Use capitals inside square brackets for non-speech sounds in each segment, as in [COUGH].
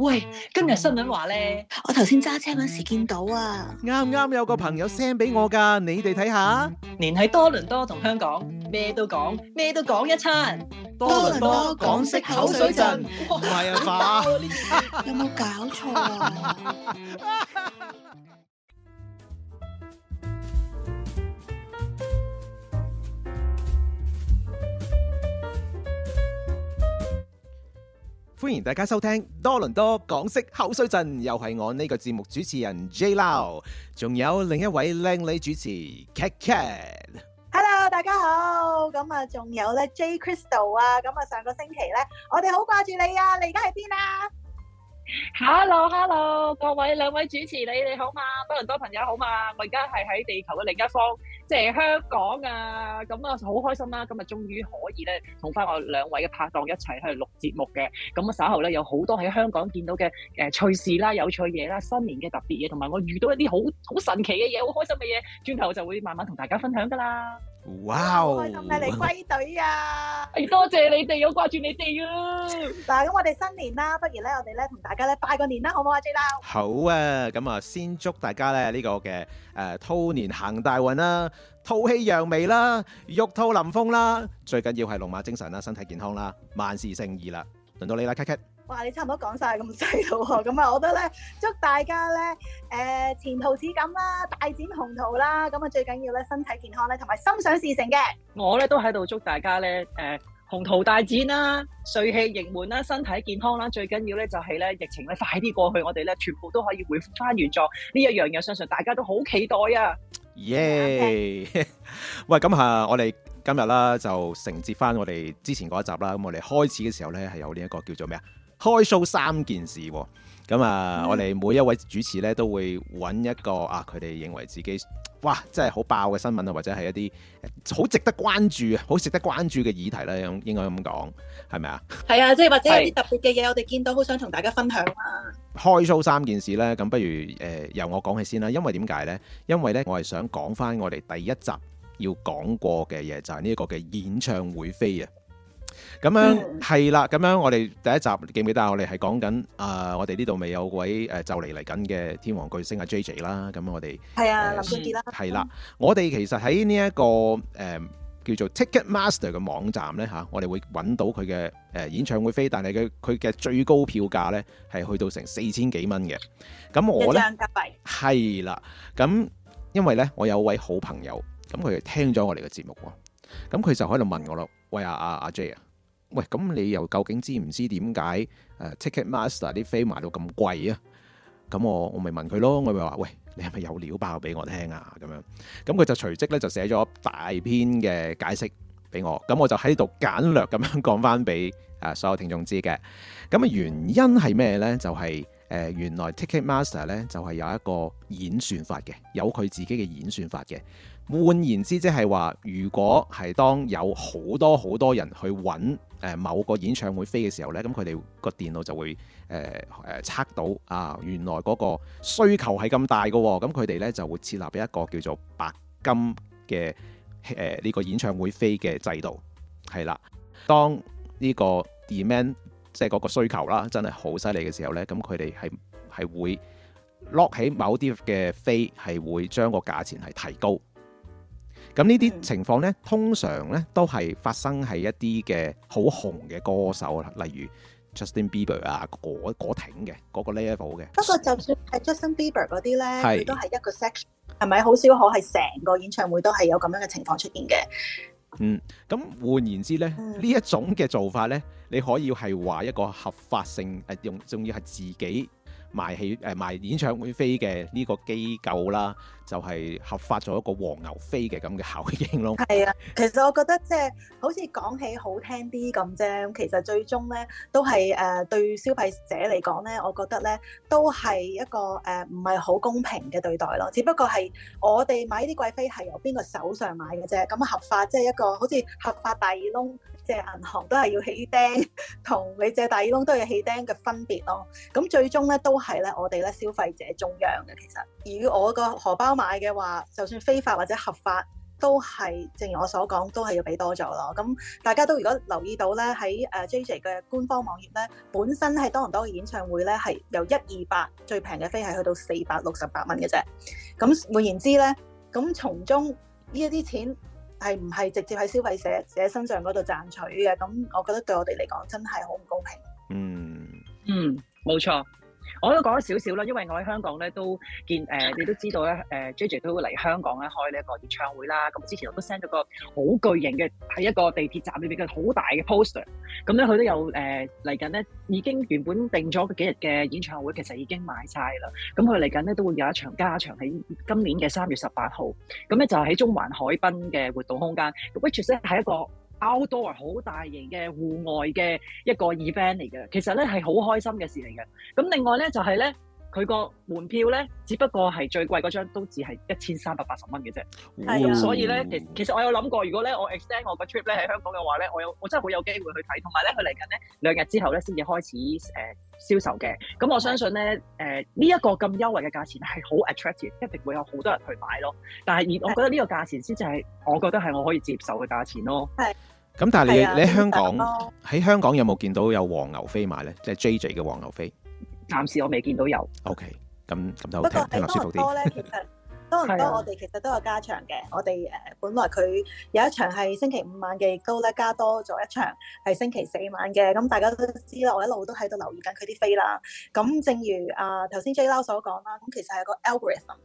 喂，今日新聞話咧，我頭先揸車嗰時見到啊，啱啱有個朋友 send 俾我噶，你哋睇下，連喺多倫多同香港，咩都講，咩都講一餐，多倫多港式口水陣，哇，唔係啊嘛， [LAUGHS] 有冇搞錯啊？ [LAUGHS] [LAUGHS] 歡迎大家收聽多倫多港式口水陣，又係我呢個節目主持人 J Lau，仲有另一位靚女主持 Kat Kat。Hello，大家好，咁啊，仲有咧 J Krystal 啊，咁啊，上個星期咧，我哋好掛住你啊，你而家喺邊啊？Hello，Hello，各位兩位主持你你好嘛，多倫多朋友好嘛，我而家係喺地球嘅另一方，即係香港啊，咁啊好開心啦，今日終於可以咧同翻我兩位嘅拍檔一齊去錄節目嘅，咁啊稍後咧有好多喺香港見到嘅誒趣事啦、有趣嘢啦、新年嘅特別嘢，同埋我遇到一啲好好神奇嘅嘢、好開心嘅嘢，轉頭就會慢慢同大家分享噶啦。哇！開心咧，你歸隊啊！誒，多謝你哋，好掛住你哋啊！嗱，咁我哋新年啦，不如咧，我哋咧同大家咧拜個年啦，好唔好啊，J？好啊！咁啊，先祝大家咧呢個嘅誒，兔年行大運啦，兔氣揚眉啦，玉兔臨風啦，最緊要係龍馬精神啦，身體健康啦，萬事勝意啦！輪到你啦，Kat。哇！你差唔多講晒咁細路喎，咁啊，我覺得咧，祝大家咧，誒、呃、前途似錦啦，大展宏圖啦，咁啊最緊要咧、呃，身體健康咧，同埋心想事成嘅。我咧都喺度祝大家咧，誒宏圖大展啦，瑞氣盈門啦，身體健康啦，最緊要咧就係咧疫情咧快啲過去，我哋咧全部都可以回復翻原狀，呢一樣嘢相信大家都好期待啊耶！Yeah, okay? [LAUGHS] 喂，咁下，我哋今日啦就承接翻我哋之前嗰一集啦，咁我哋開始嘅時候咧係有呢、這、一個叫做咩啊？開 show 三件事喎，咁啊，嗯、我哋每一位主持咧都會揾一個啊，佢哋認為自己哇，真係好爆嘅新聞啊，或者係一啲好值得關注、好值得關注嘅議題啦，應應該咁講，係咪啊？係啊，即係或者係啲特別嘅嘢，我哋見到好想同大家分享啊！開 show 三件事咧，咁不如誒、呃，由我講起先啦，因為點解咧？因為咧，我係想講翻我哋第一集要講過嘅嘢，就係呢一個嘅演唱會飛啊！咁樣係啦，咁、嗯、樣我哋第一集記唔記得？我哋係講緊啊，我哋呢度未有位誒，就嚟嚟緊嘅天王巨星阿 J J 啦。咁我哋係啊林俊傑啦。係啦，我哋其實喺呢一個誒叫做 Ticketmaster 嘅網站咧吓，我哋會揾到佢嘅誒演唱會飛，但係佢佢嘅最高票價咧係去到成四千幾蚊嘅。咁我呢，係啦，咁因為咧我有位好朋友，咁佢聽咗我哋嘅節目，咁佢就喺度問我咯，喂阿阿阿 J 啊！啊喂，咁你又究竟知唔知點解 TicketMaster 啲飛賣到咁貴啊？咁我我咪問佢咯，我咪話喂，你係咪有料爆俾我聽啊？咁樣，咁佢就隨即咧就寫咗大篇嘅解釋俾我，咁我就喺度簡略咁樣講翻俾啊所有聽眾知嘅。咁原因係咩呢？就係，呃，原來 TicketMaster 呢就係有一個演算法嘅，有佢自己嘅演算法嘅。換言之，即係話如果係當有好多好多人去揾。誒某個演唱會飛嘅時候呢，咁佢哋個電腦就會誒誒、呃呃、測到啊，原來嗰個需求係咁大嘅喎，咁佢哋呢就會設立一個叫做白金嘅誒呢個演唱會飛嘅制度，係啦。當呢個 demand 即係嗰個需求啦，真係好犀利嘅時候呢，咁佢哋係係會 lock 起某啲嘅飛，係會將個價錢係提高。咁呢啲情況咧，通常咧都係發生喺一啲嘅好紅嘅歌手啦，例如 Justin Bieber 啊，嗰嗰頂嘅嗰個 level 嘅。不過就算係 Justin Bieber 嗰啲咧，佢都係一個 section，係咪好少可係成個演唱會都係有咁樣嘅情況出現嘅？嗯，咁換言之咧，呢、嗯、一種嘅做法咧，你可以係話一個合法性誒，用仲要係自己。賣戲誒賣演唱會飛嘅呢個機構啦，就係合法咗一個黃牛飛嘅咁嘅效應咯。係啊，其實我覺得即係好似講起好聽啲咁啫，其實最終咧都係誒對消費者嚟講咧，我覺得咧都係一個誒唔係好公平嘅對待咯。只不過係我哋買呢啲貴飛係由邊個手上買嘅啫，咁合法即係一個好似合法大耳窿。借銀行都係要起釘，同你借大耳窿都係要起釘嘅分別咯。咁最終咧，都係咧，我哋咧消費者中央嘅其實。以我個荷包買嘅話，就算非法或者合法，都係正如我所講，都係要俾多咗咯。咁大家都如果留意到咧，喺誒 JJ 嘅官方網頁咧，本身係多倫多嘅演唱會咧，係由一二百最平嘅飛，係去到四百六十八蚊嘅啫。咁換言之咧，咁從中呢一啲錢。係唔係直接喺消費者者身上嗰度賺取嘅？咁我覺得對我哋嚟講真係好唔公平。嗯嗯，冇錯。我都講咗少少啦，因為我喺香港咧都見誒、呃，你都知道咧誒、呃、JJ 都會嚟香港咧開呢一個演唱會啦。咁之前我都 send 咗個好巨型嘅喺一個地鐵站裏面嘅好大嘅 poster、嗯。咁咧佢都有誒嚟緊咧，已經原本定咗幾日嘅演唱會，其實已經買晒啦。咁佢嚟緊咧都會有一場加場喺今年嘅三月十八號。咁咧就喺中環海濱嘅活動空間，which is 係一個，Outdoor 好大型嘅戶外嘅一個 event 嚟嘅，其實咧係好開心嘅事嚟嘅。咁另外咧就係、是、咧，佢個門票咧，只不過係最貴嗰張都只係一千三百八十蚊嘅啫。係、哦、啊。咁所以咧，其實其實我有諗過，如果咧我 extend 我個 trip 咧喺香港嘅話咧，我有我真係好有機會去睇。同埋咧，佢嚟緊咧兩日之後咧先至開始誒、呃、銷售嘅。咁我相信咧誒呢一、呃這個咁優惠嘅價錢係好 attractive，一定會有好多人去買咯。但係而我覺得呢個價錢先至係我覺得係我可以接受嘅價錢咯。係。咁但係你是你喺香港喺香港有冇見到有黃牛飛賣咧？即、就、係、是、J J 嘅黃牛飛，暫時我未見到有。O K，咁咁都好聽，咁舒服啲。不過多咧？其實多唔多？我哋其實都有加場嘅。我哋誒本來佢有一場係星期五晚嘅，亦都咧加多咗一場係星期四晚嘅。咁大家都知啦，我一路都喺度留意緊佢啲飛啦。咁正如啊頭先 J 佬所講啦，咁其實係個 algorithm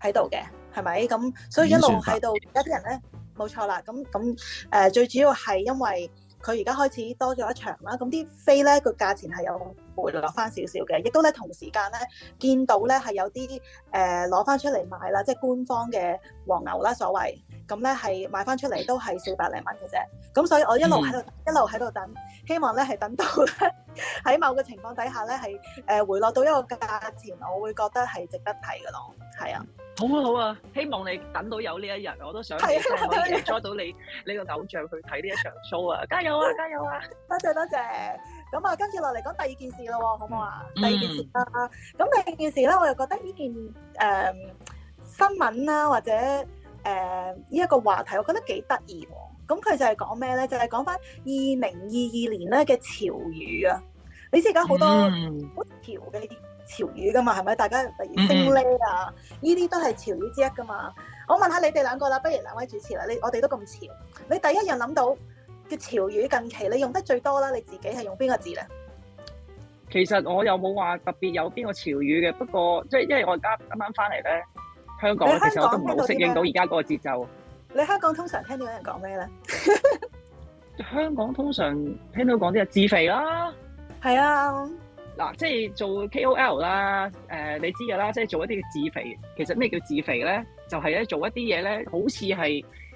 喺度嘅，係咪？咁所以一路喺度，有啲人咧。冇錯啦，咁咁誒最主要係因為佢而家開始多咗一場啦，咁啲飛呢個價錢係有回落翻少少嘅，亦都咧，同時間咧見到咧係有啲誒攞翻出嚟買啦，即係官方嘅黃牛啦所謂，咁咧係賣翻出嚟都係四百零蚊嘅啫。咁所以我一路喺度、嗯、一路喺度等，希望咧係等到咧喺某個情況底下咧係誒回落到一個價錢，我會覺得係值得睇嘅咯。係啊，好啊好啊，希望你等到有呢一日，我都想可以 join 到你 [LAUGHS] 你個偶像去睇呢一場 show 啊！加油啊加油啊！多 [LAUGHS] 謝多謝。多謝。咁啊，跟住落嚟講第二件事咯，好唔好啊、嗯？第二件事啦，咁第二件事咧，我又覺得呢件誒、呃、新聞啦、啊，或者誒呢一個話題，我覺得幾得意喎。咁佢就係講咩咧？就係、是、講返二零二二年咧嘅潮語啊！你知，而家好多好潮嘅潮語噶嘛，係、嗯、咪？大家例如星爺啊，呢、嗯、啲都係潮語之一噶嘛。我問下你哋兩個啦，不如兩位主持啦，你我哋都咁潮，你第一樣諗到？嘅潮語近期你用得最多啦，你自己係用邊個字咧？其實我又冇話特別有邊個潮語嘅，不過即係因為我而家啱啱翻嚟咧，香港咧，其實我都唔係好適應到而家嗰個節奏。你香港通常聽到有 [LAUGHS] 人講咩咧？ [LAUGHS] 香港通常聽到講啲係自肥啦，係啊，嗱即係做 K O L 啦，誒你知噶啦，即係做、呃、做一啲嘅「自肥」，其實咩叫自肥咧？就係、是、咧做一啲嘢咧，好似係。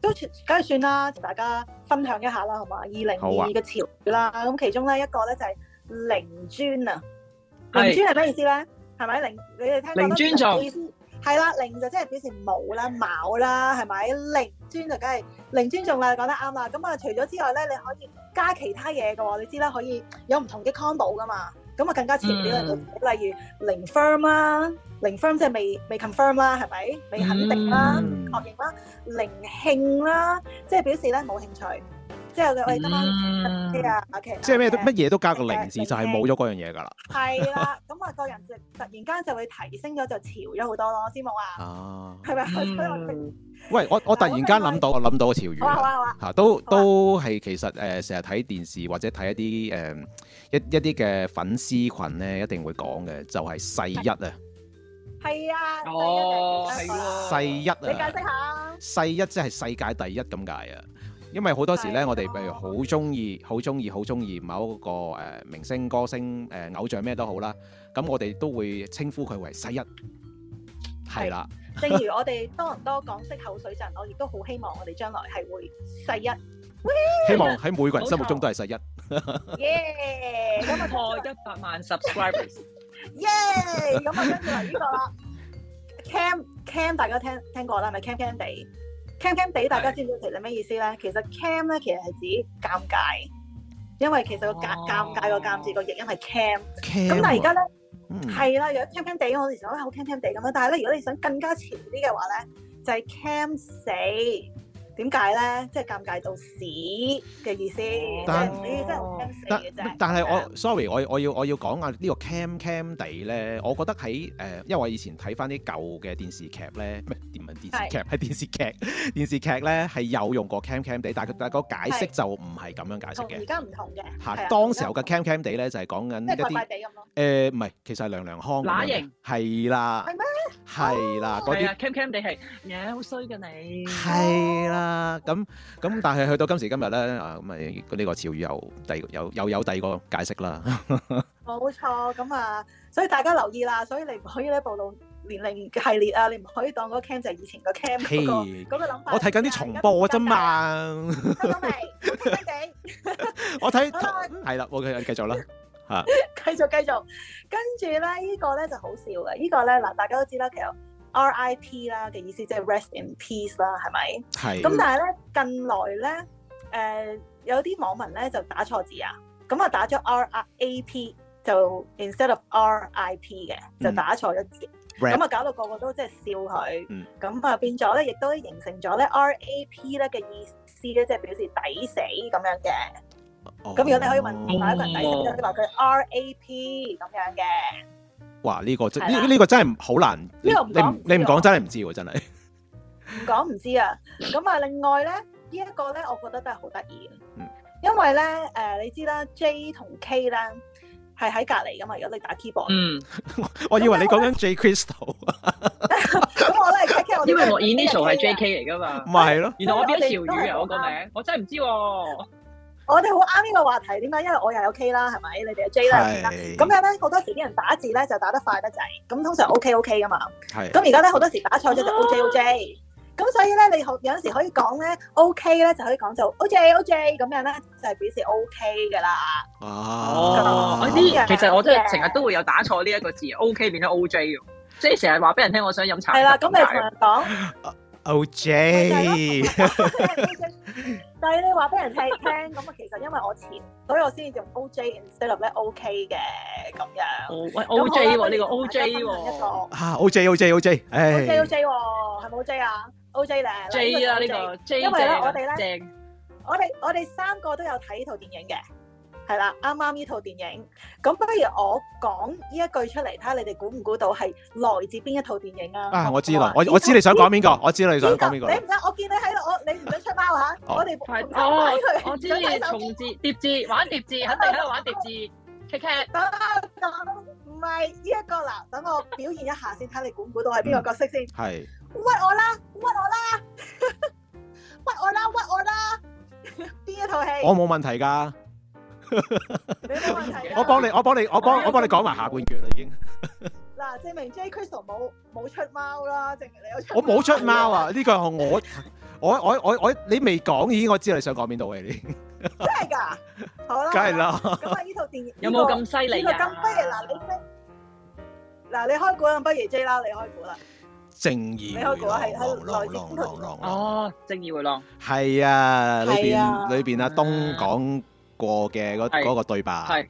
都算，梗係算啦，大家分享一下啦，好嘛？二零二二嘅潮語啦，咁、啊、其中咧一個咧就係零尊啊，零尊係咩意思咧？係咪零？你哋聽零尊重意思？係啦，零就即係表示冇啦、卯啦，係咪？零尊就梗係零尊重啦，講得啱啦。咁啊，除咗之外咧，你可以加其他嘢噶喎，你知啦，可以有唔同嘅 combo 噶嘛。咁啊，更加潮流啦，例、嗯、如零 firm、啊零 f r m 即係未未 confirm 啦，係咪未肯定啦、嗯、確認啦、零興啦，即係表示咧冇興趣。即之後嘅喂，今晚知啊，OK、嗯。即係咩都乜嘢都加個零字，嗯呃、就係冇咗嗰樣嘢噶啦。係、嗯、啦，咁、嗯、啊， [LAUGHS] 的那個人就突然間就會提升咗，就潮咗好多咯。知冇啊？啊，係咪、嗯？喂，我我突然間諗到，我諗到個潮語嚇，都都係、啊、其實誒，成日睇電視或者睇一啲誒、呃、一一啲嘅粉絲群咧，一定會講嘅就係、是、細一啊。係啊，哦，世一啊，你解釋下，世一即係世界第一咁解啊！因為好多時咧，我哋譬如好中意、好中意、好中意某一個誒明星、歌星、誒偶像咩都好啦，咁我哋都會稱呼佢為世一，係啦。正如我哋多倫多港式口水陣，我亦都好希望我哋將來係會世一，希望喺每個人心目中都係世一。今日破一百萬 subscribers。耶、yeah, [LAUGHS] 咁我跟住嚟呢個 cam cam，大家聽聽過啦，咪 cam cam 地，cam cam 地，大家知唔知其實咩意思咧？其實 cam 咧其實係指尷尬，因為其實個尷尷、哦、尬，尷尬，這個尷字個譯音係 cam，咁但係而家咧係啦，有 cam cam 地，嗯、cam de，我哋想咧好 cam cam 地咁啦。但係咧，如果你想更加潮啲嘅話咧，就係、是、cam 死。點解咧？即係尷尬到屎嘅意思，但係真唔真，但係我，sorry，我我要我要講下個鏡鏡呢個 cam cam 地咧，我覺得喺誒，因為我以前睇翻啲舊嘅電視劇咧，咩電影電視劇係電視劇，電視劇咧係有用過 cam cam 地，但係但係個解釋就唔係咁樣解釋嘅。而家唔同嘅吓、啊，當時候嘅 cam cam 地咧就係講緊即係唔係，其實係娘娘腔。乸型係啦，係咩？係啦，嗰啲 cam cam 地係嘢好衰㗎你係啦。哦是啊，咁咁，但係去到今時今日咧，啊，咁呢個潮語又第又又有第二個解釋啦。冇錯，咁啊，所以大家留意啦，所以你唔可以咧暴露年齡系列啊，你唔可以當嗰個 cam 就係以前個、嗰個 cam 嗰、嗰個嗰個諗法我睇、啊 [LAUGHS] [LAUGHS] 我睇。 [LAUGHS] 我睇緊啲重播啫嘛。睇到未？我睇係啦，冇嘅，繼續啦，吓，繼續繼續，跟住咧呢、呢個咧就好笑嘅，呢個、呢個咧嗱，大家都知啦，其實。R.I.P. 啦嘅意思即係、就是、Rest in Peace 啦，係咪？係。咁但係咧近來咧，誒、呃、有啲網民咧就打錯字啊，咁啊打咗 R.A.P. 就 instead of R.I.P. 嘅，就打錯一字，咁、嗯、啊搞到個個都即係笑佢。咁、嗯、啊變咗咧，亦都形成咗咧 R.A.P. 咧嘅意思咧，即、就、係、是、表示抵死咁樣嘅。咁、哦、如果你可以問下一個人抵死、哦、你話，佢 R.A.P. 咁樣嘅。哇呢、呢個真呢呢、呢個真係好難，唔講唔你唔唔你唔講真係唔知喎，真係唔講唔知啊！咁啊，另外咧，呢、這、一個咧，我覺得都係好得意嘅，因為咧，誒、呃，你知啦，J 同 K 咧係喺隔籬噶嘛，如果你打 keyboard，嗯， [LAUGHS] 我以為你講緊 J,、嗯、J Crystal，咁 [LAUGHS] [LAUGHS] 我嚟 k 因為我 initial 係 J K 嚟噶嘛，唔係咯，原來我變咗條魚啊！我個名、嗯、我真係唔知道、啊。 [LAUGHS] 我哋好啱呢個話題，點解？因為我又有 K 啦，係咪？你哋有 J、OK、啦，咁樣咧好多時啲人打字咧就打得快得滯，咁通常 OK OK 噶嘛。係。咁而家咧好多時打錯咗就 OJ、啊、OJ，咁所以咧你可有陣時可以講咧 OK 咧就可以講就 OJ OJ 咁樣咧就係表示 OK 噶啦。哦、啊，啲其實我真係成日都會有打錯呢一個字，OK 變咗 OJ 即係成日話俾人聽我想飲茶。係啦，咁你尋日講。啊 O J，但係你話俾人聽，咁啊其實因為我前，所以我先至用 O J instead of 咧 O K 嘅咁樣。喂 O J 喎，呢個 O J 喎，一個吓 O J O J O J，誒 O J O J 喎，係咪 O J 啊？O J 咧 J 啊，呢個，因為咧我哋咧，我哋我哋三個都有睇呢套電影嘅。係啦，啱啱呢套電影，咁不如我講呢一句出嚟，睇下你哋估唔估到係來自邊一套電影啊？啊，我知啦，我我知你想講邊個，這個，我知道你想講邊個，這個。你唔得，我見你喺度，我你唔想出貓 [LAUGHS] 啊？我哋排唔到佢。我知，重字疊字玩疊字，肯定喺度玩疊字。K K，等等，唔係呢一個嗱，等我表現一下先，睇 [LAUGHS] 下你估唔估到係邊個角色先。係，嗯，屈我啦，屈我啦，屈我啦，屈我啦，邊一套戲？我冇問題噶。我幫你，我幫你，我幫我幫你講埋下半句啦，已經。嗱，證明 J Krystal 冇冇出貓啦，證明你有出。我冇出貓啊！呢個我我我我我，你未講已經，我知你想講邊度嘅你。真係噶，好啦。梗係啦。咁啊，呢套電影有冇咁犀利啊？呢套金輝，嗱你先，嗱你開估啦，不如 J 啦，你開估啦。正義迴廊浪浪浪浪。哦，正義迴廊。係啊，裏邊裏邊啊，東港。過嘅嗰嗰個對白係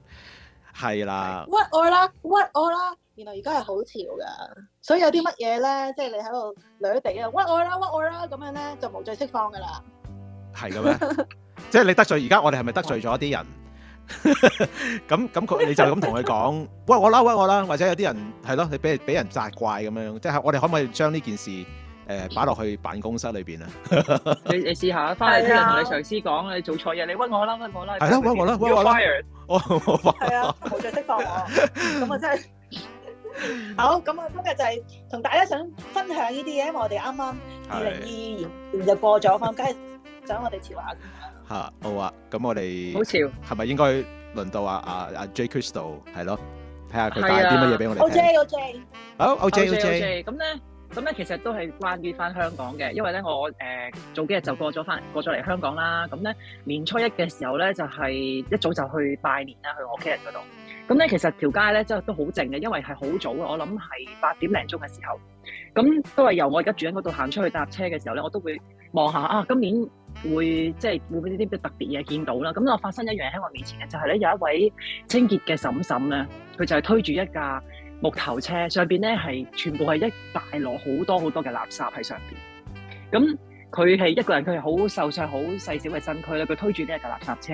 係啦，屈我啦，屈我啦，原來而家係好潮噶，所以有啲乜嘢咧，即係你喺度掠地啊，屈我啦，屈我啦，咁樣咧就無罪釋放噶啦，係嘅咩？即係你得罪而家， [LAUGHS] 我哋係咪得罪咗啲人？咁咁佢你就咁同佢講屈我啦，屈我啦， [LAUGHS] [LAUGHS] 或者有啲人係咯，你俾俾人責怪咁樣，即係我哋可唔可以將呢件事？誒，擺落去辦公室裏邊啦。你你試下，翻嚟之後同你上司講，你做錯嘢，你屈我啦，屈我啦。係咯，屈我啦，屈我啦。係啊，冇再釋放我，咁啊真係。好，咁啊今日就係同大家想分享呢啲嘢，因為我哋啱啱二零二二年就過咗，咁梗係走我哋潮下嘅。吓，好啊，咁我哋好潮，係咪應該輪到阿阿阿 J Krystal 係咯？睇下佢帶啲乜嘢俾我哋。O J O J。好，O J O J，咁咧。咁咧，其實都係關於翻香港嘅，因為咧，我誒早幾日就過咗翻，過咗嚟香港啦。咁咧，年初一嘅時候咧，就係一早就去拜年啦，去我屋企人嗰度。咁咧，其實條街咧，真係都好靜嘅，因為係好早。我諗係八點零鐘嘅時候。咁都係由我而家住喺嗰度行出去搭車嘅時候咧，我都會望下啊，今年會即係會唔會有啲特別嘢見到啦？咁我發生一樣喺我面前嘅就係咧，有一位清潔嘅嬸嬸咧，佢就係推住一架。木頭車上邊咧係全部係一大摞好多好多嘅垃圾喺上邊，咁佢係一個人，佢係好瘦削、好細小嘅身軀咧，佢推住呢架垃圾車，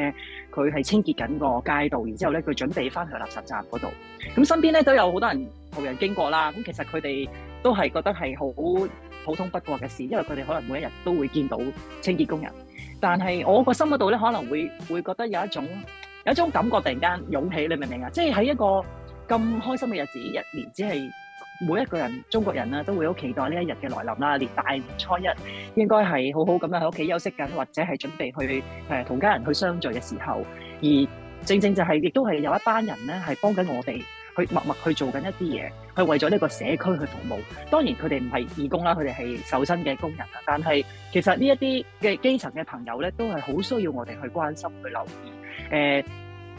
佢係清潔緊個街道，然之後咧佢準備翻去垃圾站嗰度。咁身邊咧都有好多人路人經過啦，咁其實佢哋都係覺得係好普通不過嘅事，因為佢哋可能每一日都會見到清潔工人。但係我個心嗰度咧，可能會會覺得有一種有一種感覺突然間湧起，你明唔明啊？即係喺一個。咁開心嘅日子，一年只係每一個人中國人啦，都會好期待呢一日嘅來臨啦。連大年初一應該係好好咁樣喺屋企休息緊，或者係準備去誒同家人去相聚嘅時候。而正正就係亦都係有一班人咧，係幫緊我哋去默默去做緊一啲嘢，去為咗呢個社區去服務。當然佢哋唔係義工啦，佢哋係受薪嘅工人啊。但係其實呢一啲嘅基層嘅朋友咧，都係好需要我哋去關心去留意誒。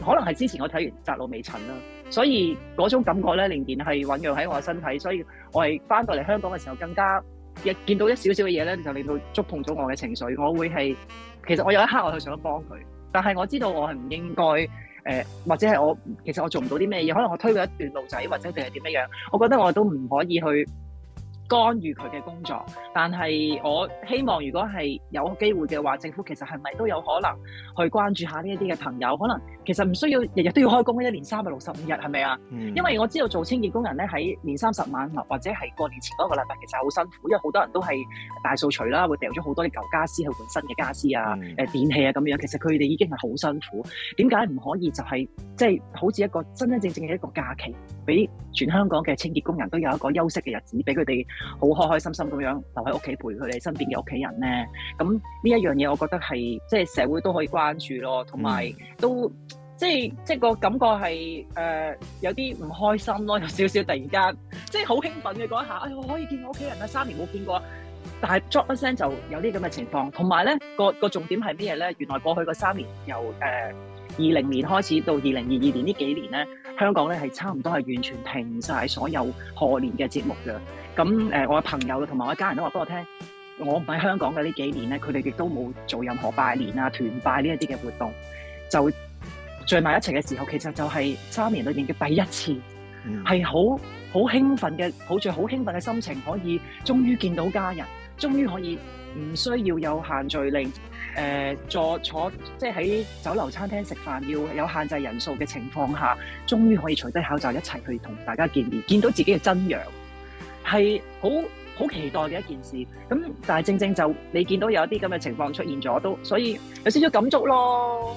可能係之前我睇完《窄路微塵》啦，所以嗰種感覺咧仍然係醞釀喺我身體，所以我係翻到嚟香港嘅時候更加一見到一少少嘅嘢咧，就令到觸碰咗我嘅情緒。我會係其實我有一刻我係想幫佢，但係我知道我係唔應該、呃、或者係我其實我做唔到啲咩嘢，可能我推佢一段路仔或者定係點樣我覺得我都唔可以去干預佢嘅工作。但係我希望如果係有機會嘅話，政府其實係咪都有可能去關注下呢一啲嘅朋友，可能？其實唔需要日日都要開工，一年三百六十五日係咪啊？因為我知道做清潔工人咧，喺年三十晚或者係過年前嗰個禮拜，其實好辛苦，因為好多人都係大掃除啦，會掉咗好多啲舊家俬去換新嘅家俬啊、誒電器啊咁樣。其實佢哋已經係好辛苦。點解唔可以？就係即係好似一個真真正正嘅一個假期，俾全香港嘅清潔工人都有一個休息嘅日子，俾佢哋好開開心心咁樣留喺屋企陪佢哋身邊嘅屋企人咧？咁呢一樣嘢，我覺得係即係社會都可以關注咯，同埋都。嗯即係即係個感覺係誒、呃、有啲唔開心咯，有少少突然間即係好興奮嘅嗰一下，哎我可以見我屋企人啦，三年冇見過，但係 drop 一聲就有啲咁嘅情況。同埋咧個個重點係咩咧？原來過去個三年由誒二零年開始到二零二二年呢幾年咧，香港咧係差唔多係完全停晒所有賀年嘅節目嘅。咁誒、呃，我嘅朋友同埋我家人都話俾我聽，我唔喺香港嘅呢幾年咧，佢哋亦都冇做任何拜年啊、團拜呢一啲嘅活動就。聚埋一齊嘅時候，其實就係三年裏面嘅第一次，係好好興奮嘅，抱住好興奮嘅心情，可以終於見到家人，終於可以唔需要有限聚令，誒、呃、坐坐即係喺酒樓餐廳食飯，要有限制人數嘅情況下，終於可以除低口罩一齊去同大家見面，見到自己嘅真樣，係好好期待嘅一件事。咁但係正正就你見到有一啲咁嘅情況出現咗，都所以有少少感觸咯。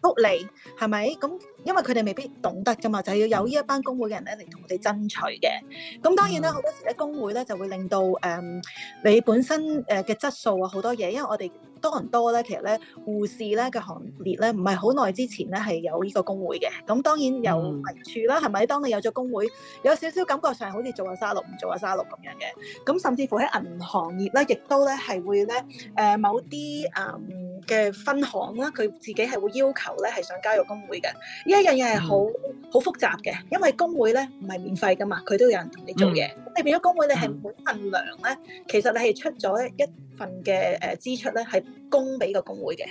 福利係咪？咁因為佢哋未必懂得㗎嘛，就係要有呢一班工會嘅人咧嚟同我哋爭取嘅。咁當然啦，好多時咧工會咧就會令到誒、嗯、你本身誒嘅質素啊好多嘢，因為我哋。多人多咧，其實咧護士咧嘅行列咧，唔係好耐之前咧係有呢個工會嘅。咁當然有弊處啦，係、嗯、咪？當你有咗工會，有少少感覺上好似做下沙律唔做下沙律咁樣嘅。咁甚至乎喺銀行業咧，亦都咧係會咧誒、呃、某啲誒嘅分行啦，佢自己係會要求咧係想加入工會嘅。呢一樣嘢係好好複雜嘅，因為工會咧唔係免費噶嘛，佢都有人同你做嘢。你變咗工會，你係每份糧咧，其實你係出咗一。份嘅誒支出咧，係供俾個工會嘅。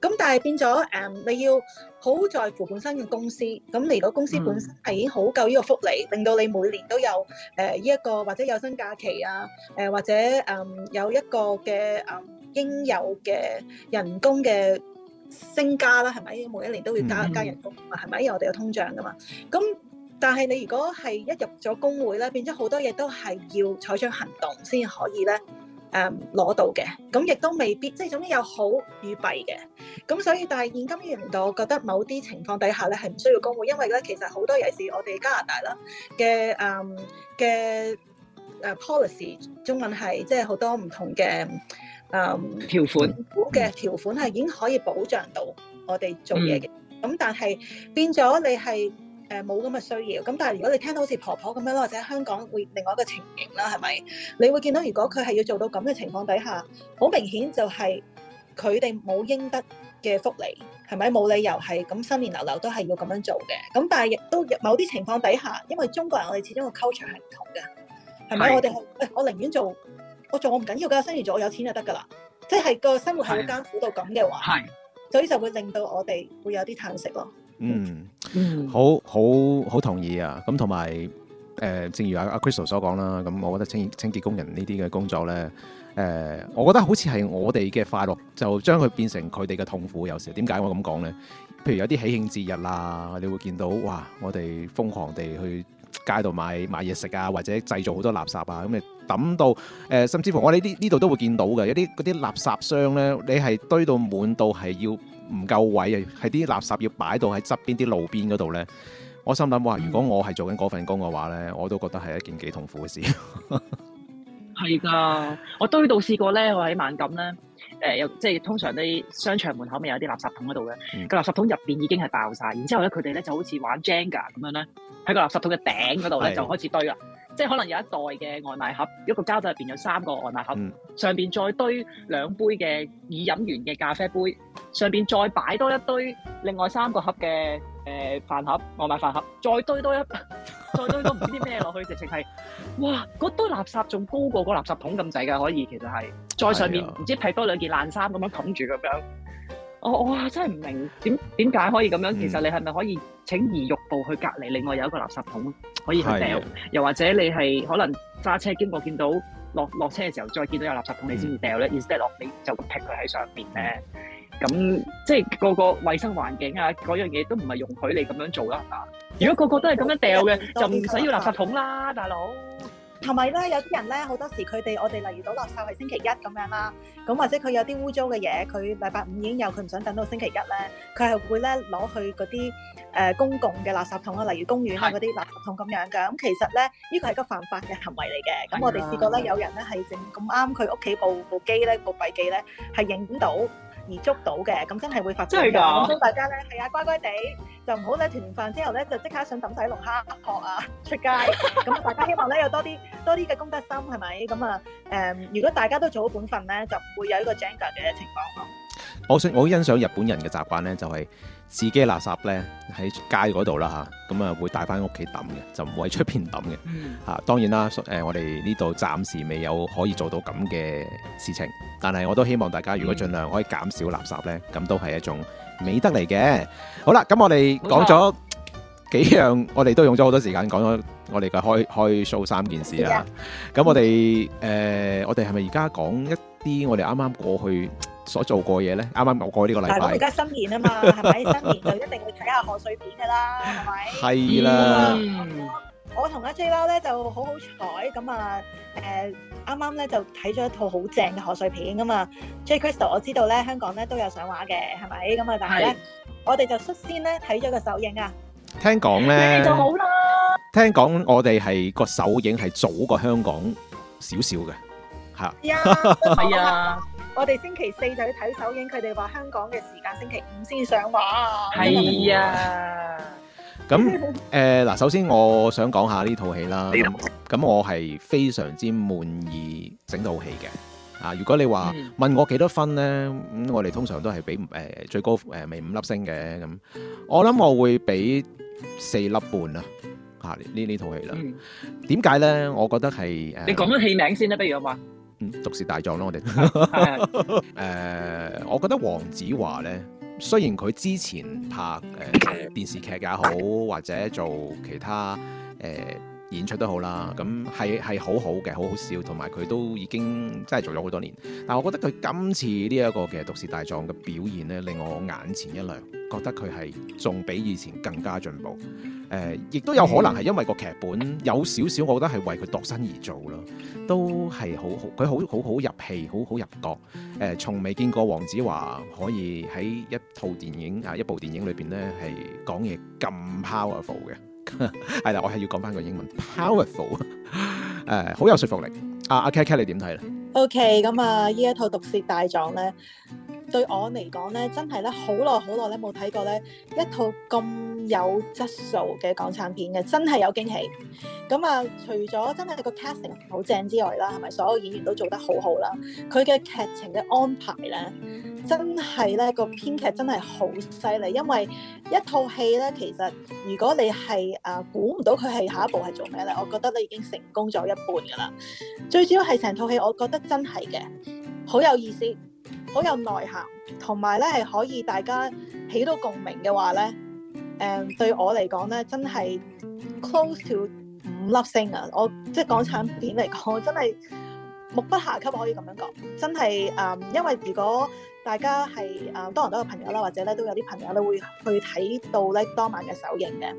咁但係變咗誒，你要好在乎本身嘅公司。咁如果公司本身係已經好夠呢個福利，令到你每年都有誒呢一個或者有薪假期啊，誒或者誒有一個嘅誒應有嘅人工嘅升加啦，係咪？每一年都要加加人工啊，係咪？因為我哋有通脹噶嘛。咁但係你如果係一入咗工會咧，變咗好多嘢都係要採取行動先可以咧。誒、嗯、攞到嘅，咁亦都未必，即係總之有好與弊嘅。咁所以，但係現今呢個我覺得某啲情況底下咧係唔需要公佈，因為咧其實好多尤其係我哋加拿大啦嘅誒嘅誒 policy，中文係即係好多唔同嘅誒、嗯、條款，嘅條款係已經可以保障到我哋做嘢嘅。咁、嗯、但係變咗你係。誒冇咁嘅需要，咁但係如果你聽到好似婆婆咁樣啦，或者香港會另外一個情形啦，係咪？你會見到如果佢係要做到咁嘅情況底下，好明顯就係佢哋冇應得嘅福利，係咪？冇理由係咁新年流流都係要咁樣做嘅。咁但係亦都某啲情況底下，因為中國人我哋始終個 culture 係唔同嘅，係咪？我哋誒我寧願做我做我唔緊要㗎，新年做我有錢就得㗎啦。即係個生活係艱苦到咁嘅話，係，所以就會令到我哋會有啲嘆息咯。嗯，嗯，好好好同意啊！咁同埋，誒、呃，正如阿阿 Crystal 所講啦，咁我覺得清清潔工人呢啲嘅工作咧，誒、呃，我覺得好似係我哋嘅快樂，就將佢變成佢哋嘅痛苦。有時點解我咁講咧？譬如有啲喜慶節日啊，你會見到哇，我哋瘋狂地去街度買買嘢食啊，或者製造好多垃圾啊，咁你抌到誒、呃，甚至乎我哋呢呢度都會見到嘅，有啲嗰啲垃圾箱咧，你係堆到滿到係要唔夠位啊！係啲垃圾要擺到喺側邊啲路邊嗰度咧，我心諗話：如果我係做緊嗰份工嘅話咧，我都覺得係一件幾痛苦嘅事。係 [LAUGHS] 㗎，我堆到試過咧，我喺萬錦咧，誒、呃、有即係通常啲商場門口咪有啲垃圾桶嗰度嘅，嗯、垃個垃圾桶入邊已經係爆晒，然之後咧佢哋咧就好似玩 Jenga 咁樣咧，喺個垃圾桶嘅頂嗰度咧就開始堆啦。即係可能有一袋嘅外賣盒，一個膠袋入邊有三個外賣盒，上邊再堆兩杯嘅已飲完嘅咖啡杯，上邊再擺多一堆另外三個盒嘅誒飯盒外賣飯盒，再堆多一，再堆都唔知啲咩落去，直情係哇！嗰堆垃圾仲高過個垃圾桶咁滯㗎，可以其實係。再上面唔知披多兩件爛衫咁樣冚住咁樣。我哇，真係唔明點點解可以咁樣？其實你係咪可以請移玉步去隔離，另外有一個垃圾桶可以掉？又或者你係可能揸車經過見到落落車嘅時候再見到有垃圾桶，你先掉咧，而唔掉落你就咁劈佢喺上邊咧？咁即係個個衞生環境啊，嗰樣嘢都唔係容許你咁樣做啦嚇！如果個個都係咁樣掉嘅，就唔使要垃圾桶啦，大佬。同埋咧，有啲人咧，好多時佢哋我哋例如倒垃圾係星期一咁樣啦，咁或者佢有啲污糟嘅嘢，佢禮拜五已經有，佢唔想等到星期一咧，佢係會咧攞去嗰啲誒公共嘅垃圾桶啊，例如公園啊嗰啲垃圾桶咁樣嘅。咁其實咧，呢個係一個犯法嘅行為嚟嘅。咁我哋試過咧，有人咧係整咁啱佢屋企部部機咧個閉記咧係影到，而捉到嘅，咁真係會發生㗎。咁希望大家咧，係啊乖乖地，就唔好咧，團年飯之後咧，就即刻想抌曬龍蝦殼啊出街。咁大家希望咧有多啲多啲嘅公德心，係咪？咁啊誒，如果大家都做好本分咧，就唔會有呢個 gentle 嘅情況咯。我想我好欣賞日本人嘅習慣咧，就係。自己垃圾呢，喺街嗰度啦吓，咁啊會帶翻屋企抌嘅，就唔會喺出邊抌嘅嚇。當然啦，誒我哋呢度暫時未有可以做到咁嘅事情，但係我都希望大家如果盡量可以減少垃圾呢，咁、嗯、都係一種美德嚟嘅、嗯。好啦，咁我哋講咗幾樣，我哋都用咗好多時間講咗我哋嘅開開 show 三件事啦。咁、嗯、我哋誒、呃，我哋係咪而家講一啲我哋啱啱過去？所做過嘢咧，啱啱我過呢個禮拜，我而家新年啊嘛，係咪新年就一定要睇下賀歲片㗎啦，係咪？係啦，我同阿 J Lau 咧就好好彩咁啊！誒啱啱咧就睇咗一套好正嘅賀歲片咁啊，J Krystal 我知道咧香港咧都有上畫嘅，係咪？咁啊，但係咧我哋就率先咧睇咗個首映啊！聽講咧就好啦，聽講我哋係個首映係早過香港少少嘅，嚇係啊！係啊！我哋星期四就去睇首映，佢哋話香港嘅時間星期五先上畫啊！係啊，咁誒嗱，首先我想講下呢套戲啦。咁我係非常之滿意整套戲嘅啊！如果你話問我幾多分咧，咁我哋通常都係俾誒最高誒未五粒星嘅咁。我諗我會俾四粒半啦嚇呢呢套戲啦。點解咧？我覺得係誒。你講咗戲名先啦，不如啊嘛。毒舌大狀咯，我哋，誒、 [LAUGHS] 呃，我覺得黃子華咧，雖然佢之前拍誒、呃、電視劇也好，或者做其他誒。呃演出都好啦，咁係係好好嘅，好好笑，同埋佢都已經真係做咗好多年。但我覺得佢今次呢一個嘅《毒舌大狀》嘅表現咧，令我眼前一亮，覺得佢係仲比以前更加進步。誒、呃，亦都有可能係因為個劇本有少少，我覺得係為佢度身而做咯，都係好好，佢好好好入戲，好好入角。誒、呃，從未見過黃子華可以喺一套電影啊，一部電影裏邊咧係講嘢咁 powerful 嘅。係 [LAUGHS] 啦，我係要講翻個英文，powerful，誒、 [LAUGHS] 嗯，好有說服力。阿阿 K K 你點睇咧？OK，咁、嗯、啊，呢一套《毒舌大狀》咧，對我嚟講咧，真係咧好耐好耐咧冇睇過咧一套咁有質素嘅港產片嘅，真係有驚喜。咁、嗯、啊、嗯嗯，除咗真係個 casting 好正之外啦，係咪？所有演員都做得好好啦，佢嘅劇情嘅安排咧。真係咧個編劇真係好犀利，因為一套戲咧，其實如果你係啊估唔到佢係下一步係做咩咧，我覺得你已經成功咗一半噶啦。最主要係成套戲，我覺得真係嘅，好有意思，好有內涵，同埋咧係可以大家起到共鳴嘅話咧，誒、呃、對我嚟講咧，真係 close to 五粒星啊！我即係港產片嚟講，我真係。目不暇給，我可以咁樣講，真係誒，因為如果大家係誒，多人都有朋友啦，或者咧都有啲朋友，你會去睇到咧當晚嘅首映嘅，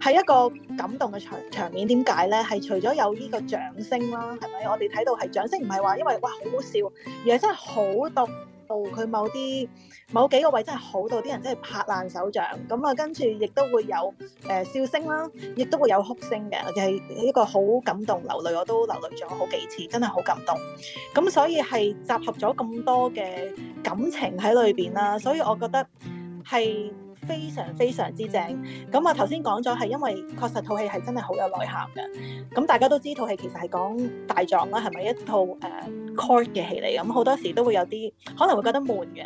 係一個感動嘅場場面。點解咧？係除咗有呢個掌聲啦，係咪？我哋睇到係掌聲唔係，唔係話因為哇好好笑，而係真係好動。到、哦、佢某啲某幾個位真係好到啲人真係拍爛手掌咁啊，跟住亦都會有誒笑聲啦，亦都會有哭聲嘅，係一個好感動流淚，我都流淚咗好幾次，真係好感動。咁所以係集合咗咁多嘅感情喺裏邊啦，所以我覺得係。非常非常之正，咁我頭先講咗係因為確實套戲係真係好有內涵嘅，咁大家都知套戲其實係講大狀啦，係咪一套誒、呃、court 嘅戲嚟？咁好多時都會有啲可能會覺得悶嘅，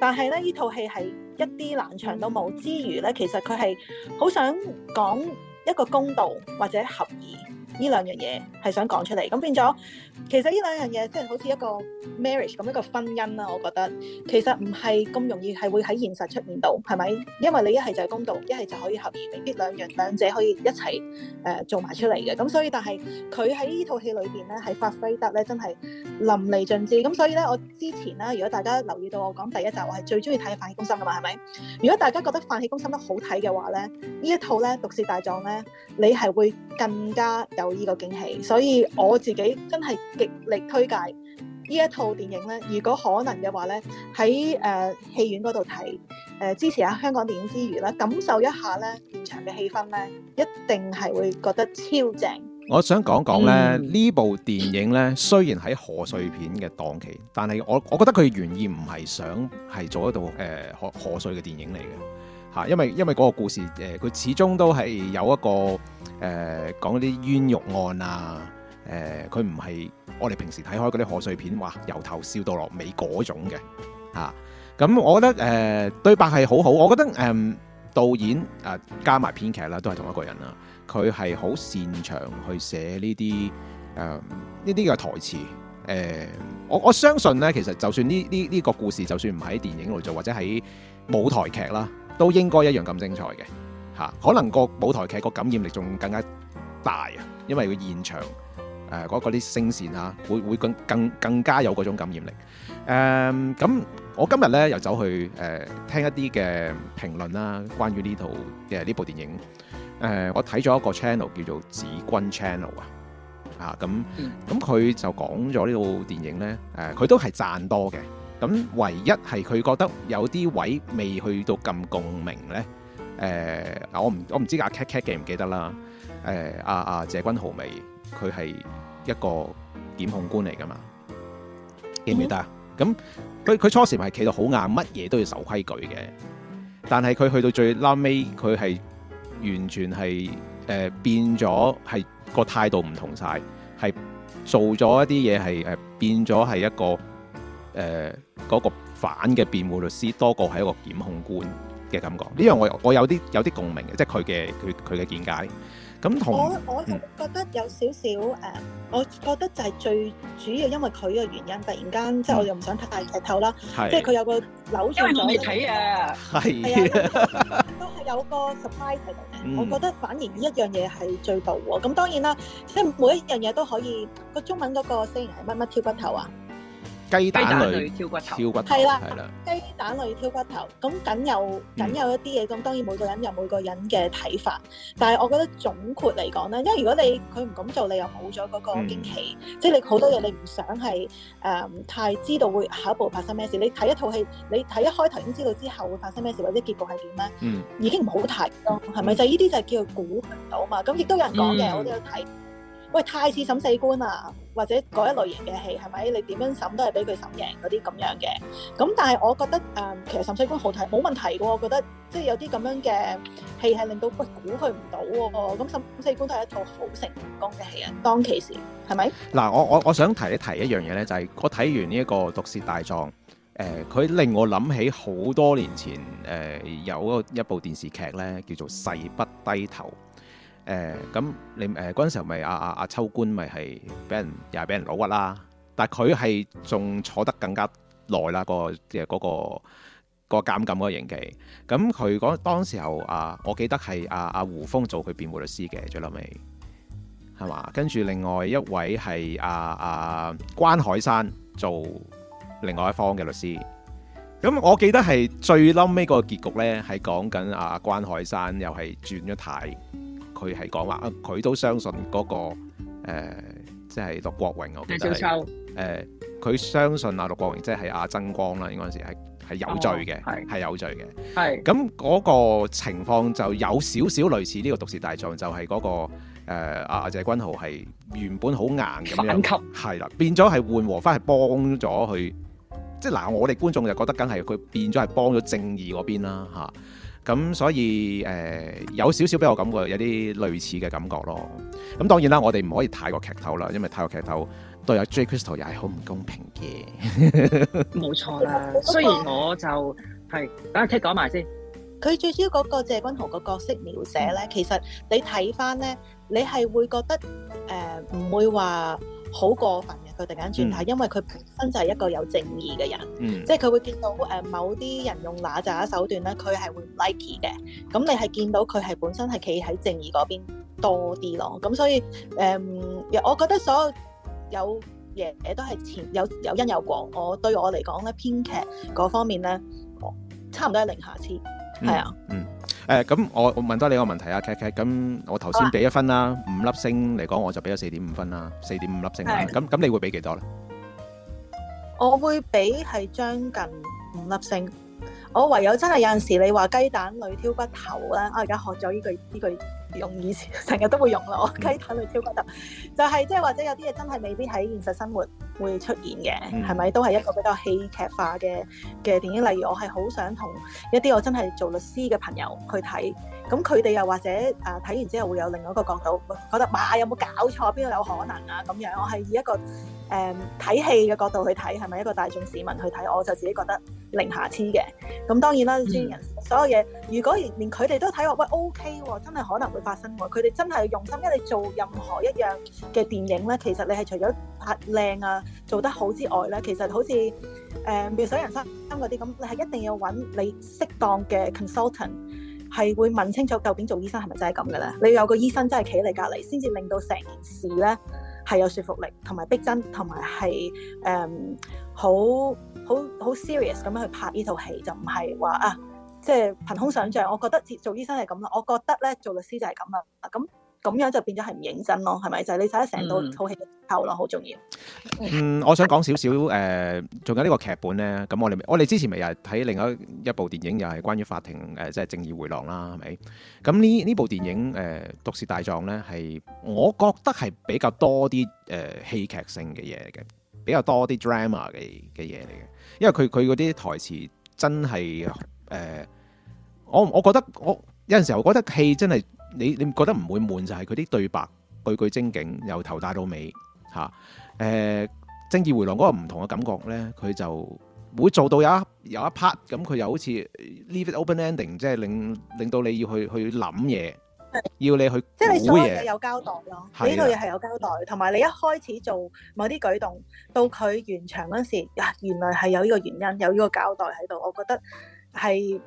但係咧呢套戲係一啲冷場都冇，之餘咧其實佢係好想講一個公道或者合義。呢兩樣嘢係想講出嚟，咁變咗其實呢兩樣嘢即係好似一個 marriage 咁一個婚姻啦，我覺得其實唔係咁容易係會喺現實出現到，係咪？因為你一係就係公道，一係就可以合意，未必兩樣兩者可以一齊誒、呃、做埋出嚟嘅。咁所以但係佢喺呢套戲裏邊咧係發揮得咧真係淋漓盡致。咁所以咧我之前啦，如果大家留意到我講第一集，我係最中意睇《飯氣攻心》噶嘛，係咪？如果大家覺得《飯氣攻心》得好睇嘅話咧，呢一套咧《毒舌大狀》咧，你係會更加有。依、呢個驚喜，所以我自己真係極力推介呢一套電影咧。如果可能嘅話咧，喺誒戲院嗰度睇，誒、呃、支持下香港電影之餘啦，感受一下咧現場嘅氣氛咧，一定係會覺得超正。我想講講咧呢、嗯、呢部電影咧，雖然喺賀歲片嘅檔期，但係我我覺得佢原意唔係想係做一套誒賀賀歲嘅電影嚟嘅。嚇，因為因為嗰個故事誒，佢、呃、始終都係有一個誒講啲冤獄案啊，誒佢唔係我哋平時睇開嗰啲賀歲片，哇由頭笑到落尾嗰種嘅嚇。咁、啊、我覺得誒、呃、對白係好好，我覺得誒、呃、導演啊、呃、加埋編劇啦都係同一個人啊，佢係好擅長去寫呢啲誒呢啲嘅台詞誒、呃。我我相信咧，其實就算呢呢呢個故事，就算唔喺電影度做，或者喺舞台劇啦。都應該一樣咁精彩嘅嚇，可能個舞台劇個感染力仲更加大啊，因為佢現場誒嗰啲聲線啊，會會更更更加有嗰種感染力。誒、嗯、咁，我今日呢，又走去誒、呃、聽一啲嘅評論啦，關於呢套嘅呢部電影。誒、呃、我睇咗一個 channel 叫做子君 channel 啊，啊咁咁佢就講咗呢套電影呢，誒、呃、佢都係讚多嘅。咁唯一係佢覺得有啲位未去到咁共鳴咧，誒、呃，我唔我唔知阿 Kat Kat 記唔記得啦？誒、呃，阿、啊、阿、啊、謝君豪未？佢係一個檢控官嚟噶嘛，記唔記得啊？咁佢佢初時咪企到好硬，乜嘢都要守規矩嘅，但係佢去到最 last 尾，佢係完全係誒、呃、變咗，係個態度唔同晒，係做咗一啲嘢係誒變咗係一個。誒嗰個反嘅辯護律師多過係一個檢控官嘅感覺，呢樣我我有啲有啲共鳴嘅，即係佢嘅佢佢嘅見解。咁同我我就覺得有少少誒，我覺得就係最主要，因為佢嘅原因，突然間即係我又唔想太劇透啦。係，即係佢有個扭咗。因為我未睇啊。係。係啊。都係有個 surprise 嚟嘅。我覺得反而呢一樣嘢係最到喎。咁當然啦，即係每一樣嘢都可以。個中文嗰個 say 係乜乜挑骨頭啊？雞蛋裏挑骨頭，係啦，雞蛋裏挑骨頭。咁僅有僅有一啲嘢，咁、嗯、當然每個人有每個人嘅睇法。但係我覺得總括嚟講咧，因為如果你佢唔咁做，你又冇咗嗰個驚奇。即、嗯、係、就是、你好多嘢，你唔想係誒太知道會下一步發生咩事。你睇一套戲，你睇一開頭已經知道之後會發生咩事或者結局係點咧，已經唔好睇咯。係咪、嗯、就係呢啲就係叫估唔到嘛？咁亦都有人講嘅，我都要睇。嗯嗯喂，太子審四官啊，或者嗰一類型嘅戲係咪？你點樣審都係俾佢審贏嗰啲咁樣嘅。咁但係我覺得誒、嗯，其實審四官好睇，冇問題嘅，我覺得即係、就是、有啲咁樣嘅戲係令到骨估佢唔到喎。咁審四官都係一套好成功嘅戲啊。當其時係咪？嗱，我我我想提一提一樣嘢咧，就係、是、我睇完呢、這、一個《讀書大狀》誒，佢、呃、令我諗起好多年前誒、呃、有一一部電視劇咧，叫做《誓不低頭》。誒、欸、咁，你誒嗰陣時候咪阿阿阿秋官咪係俾人又係俾人老屈啦。但係佢係仲坐得更加耐啦。嗰個即係嗰個、嗰個監禁嗰個刑期。咁佢講當時候，阿、啊、我記得係阿阿胡楓做佢辯護律師嘅最撚尾係嘛？跟住另外一位係阿阿關海山做另外一方嘅律師。咁我記得係最撚尾個結局咧，係講緊阿關海山又係轉咗態。佢係講話，佢都相信嗰、那個即係、呃就是、陸國榮啊。佢、呃、相信啊，陸國榮即係阿曾光啦，嗰陣時係係有罪嘅，係、哦、係有罪嘅。係咁嗰個情況就有少少類似呢個,、就是那個《毒舌大狀》啊是是是，就係嗰個誒阿謝君豪係原本好硬咁樣，係啦，變咗係緩和返，係幫咗佢，即係嗱，我哋觀眾就覺得梗係佢變咗係幫咗正義嗰邊啦，啊咁所以誒、呃、有少少俾我感覺有啲類似嘅感覺咯。咁、嗯、當然啦，我哋唔可以太過劇透啦，因為太過劇透對阿 J Krystal 又係好唔公平嘅。冇錯啦。雖然我就係、嗯、等阿 K 講埋先。佢最主要個謝君豪個角色描寫咧、嗯，其實你睇翻咧，你係會覺得誒唔、呃、會話好過分嘅。佢突然間轉頭，因為佢本身就係一個有正義嘅人，嗯、即係佢會見到誒某啲人用嗱喳手段咧，佢係會唔 like 嘅。咁你係見到佢係本身係企喺正義嗰邊多啲咯。咁所以誒、嗯，我覺得所有有嘢都係前有有因有果。我對我嚟講咧，編劇嗰方面咧，差唔多係零瑕疵。係、嗯、啊，嗯。嗯、誒，咁我我問多你一個問題啊，K K，咁我頭先俾一分啦，五粒、啊、星嚟講，我就俾咗四點五分啦，四點五粒星啦，咁咁你會俾幾多咧？我會俾係將近五粒星，我唯有真係有陣時候你話雞蛋裏挑骨頭咧，我而家學咗呢句呢句。用嘞，以前成日都會用我雞蛋裏挑骨頭，就係即係或者有啲嘢真係未必喺現實生活會出現嘅，係咪？都係一個比較戲劇化嘅嘅電影。例如我係好想同一啲我真係做律師嘅朋友去睇，咁佢哋又或者誒睇、啊、完之後會有另外一個角度，覺得哇有冇搞錯？邊度有可能啊？咁樣我係以一個，誒、嗯、睇戲嘅角度去睇，係咪一個大眾市民去睇？我就自己覺得零瑕疵嘅。咁當然啦，專業人士所有嘢，如果連佢哋都睇話，喂 O K 喎，真係可能會發生喎。佢哋真係用心。因為你做任何一樣嘅電影咧，其實你係除咗拍靚啊做得好之外咧，其實好似誒妙手仁心嗰啲咁，你係一定要揾你適當嘅 consultant，係會問清楚究竟做醫生係咪真係咁嘅咧？你有個醫生真係企你隔離，先至令到成件事咧。係有說服力，同埋逼真，同埋係誒好好好 serious 咁樣去拍呢套戲，就唔係話啊，即係憑空想像。我覺得做醫生係咁啦，我覺得咧做律師就係咁啦，咁。咁樣就變咗係唔認真咯，係咪？就係、是、你睇得成套戲之後咯，好、嗯、重要。嗯，我想講少少誒，仲、呃、有個劇呢個劇本咧。咁我哋我哋之前咪又係睇另外一部電影，又係關於法庭誒，即、呃、係、就是、正義回廊啦，係咪？咁呢呢部電影誒，毒、呃、舌大狀咧，係我覺得係比較多啲誒戲劇性嘅嘢嘅，比較多啲 drama 嘅嘅嘢嚟嘅。因為佢佢嗰啲台詞真係誒、呃，我我覺得我有陣時候覺得戲真係。你你覺得唔會悶就係佢啲對白句句精警，由頭帶到尾嚇。誒、啊，正義回廊嗰個唔同嘅感覺咧，佢就會做到有一有一 part 咁，佢又好似 leave it open ending，即係令令到你要去去諗嘢，要你去。即係你所有嘢有交代咯，呢個嘢係有交代，同埋你，你一開始做某啲舉動，到佢完場嗰時，原來係有呢個原因，有呢個交代喺度，我覺得係。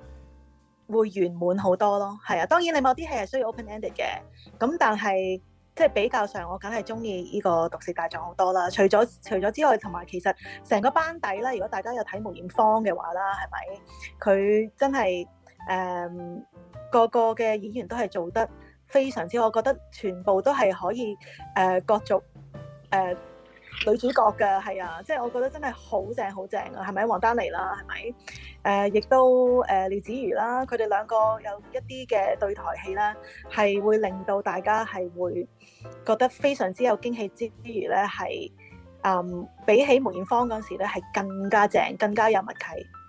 會圓滿好多咯，係啊，當然你某啲戲係需要 open ended 嘅，咁但係即係比較上，我梗係中意呢個毒舌大狀好多啦。除咗除咗之外，同埋其實成個班底咧，如果大家有睇梅艷芳嘅話啦，係咪佢真係誒、嗯、個個嘅演員都係做得非常之，我覺得全部都係可以誒、呃、角逐誒。呃女主角嘅係啊，即係我覺得真係好正好正啊，係咪王丹妮啦，係咪？誒、呃，亦都誒、呃，廖子妤啦，佢哋兩個有一啲嘅對台戲啦，係會令到大家係會覺得非常之有驚喜之餘咧，係。嗯，比起梅艷芳嗰陣時咧，係更加正，更加有默契，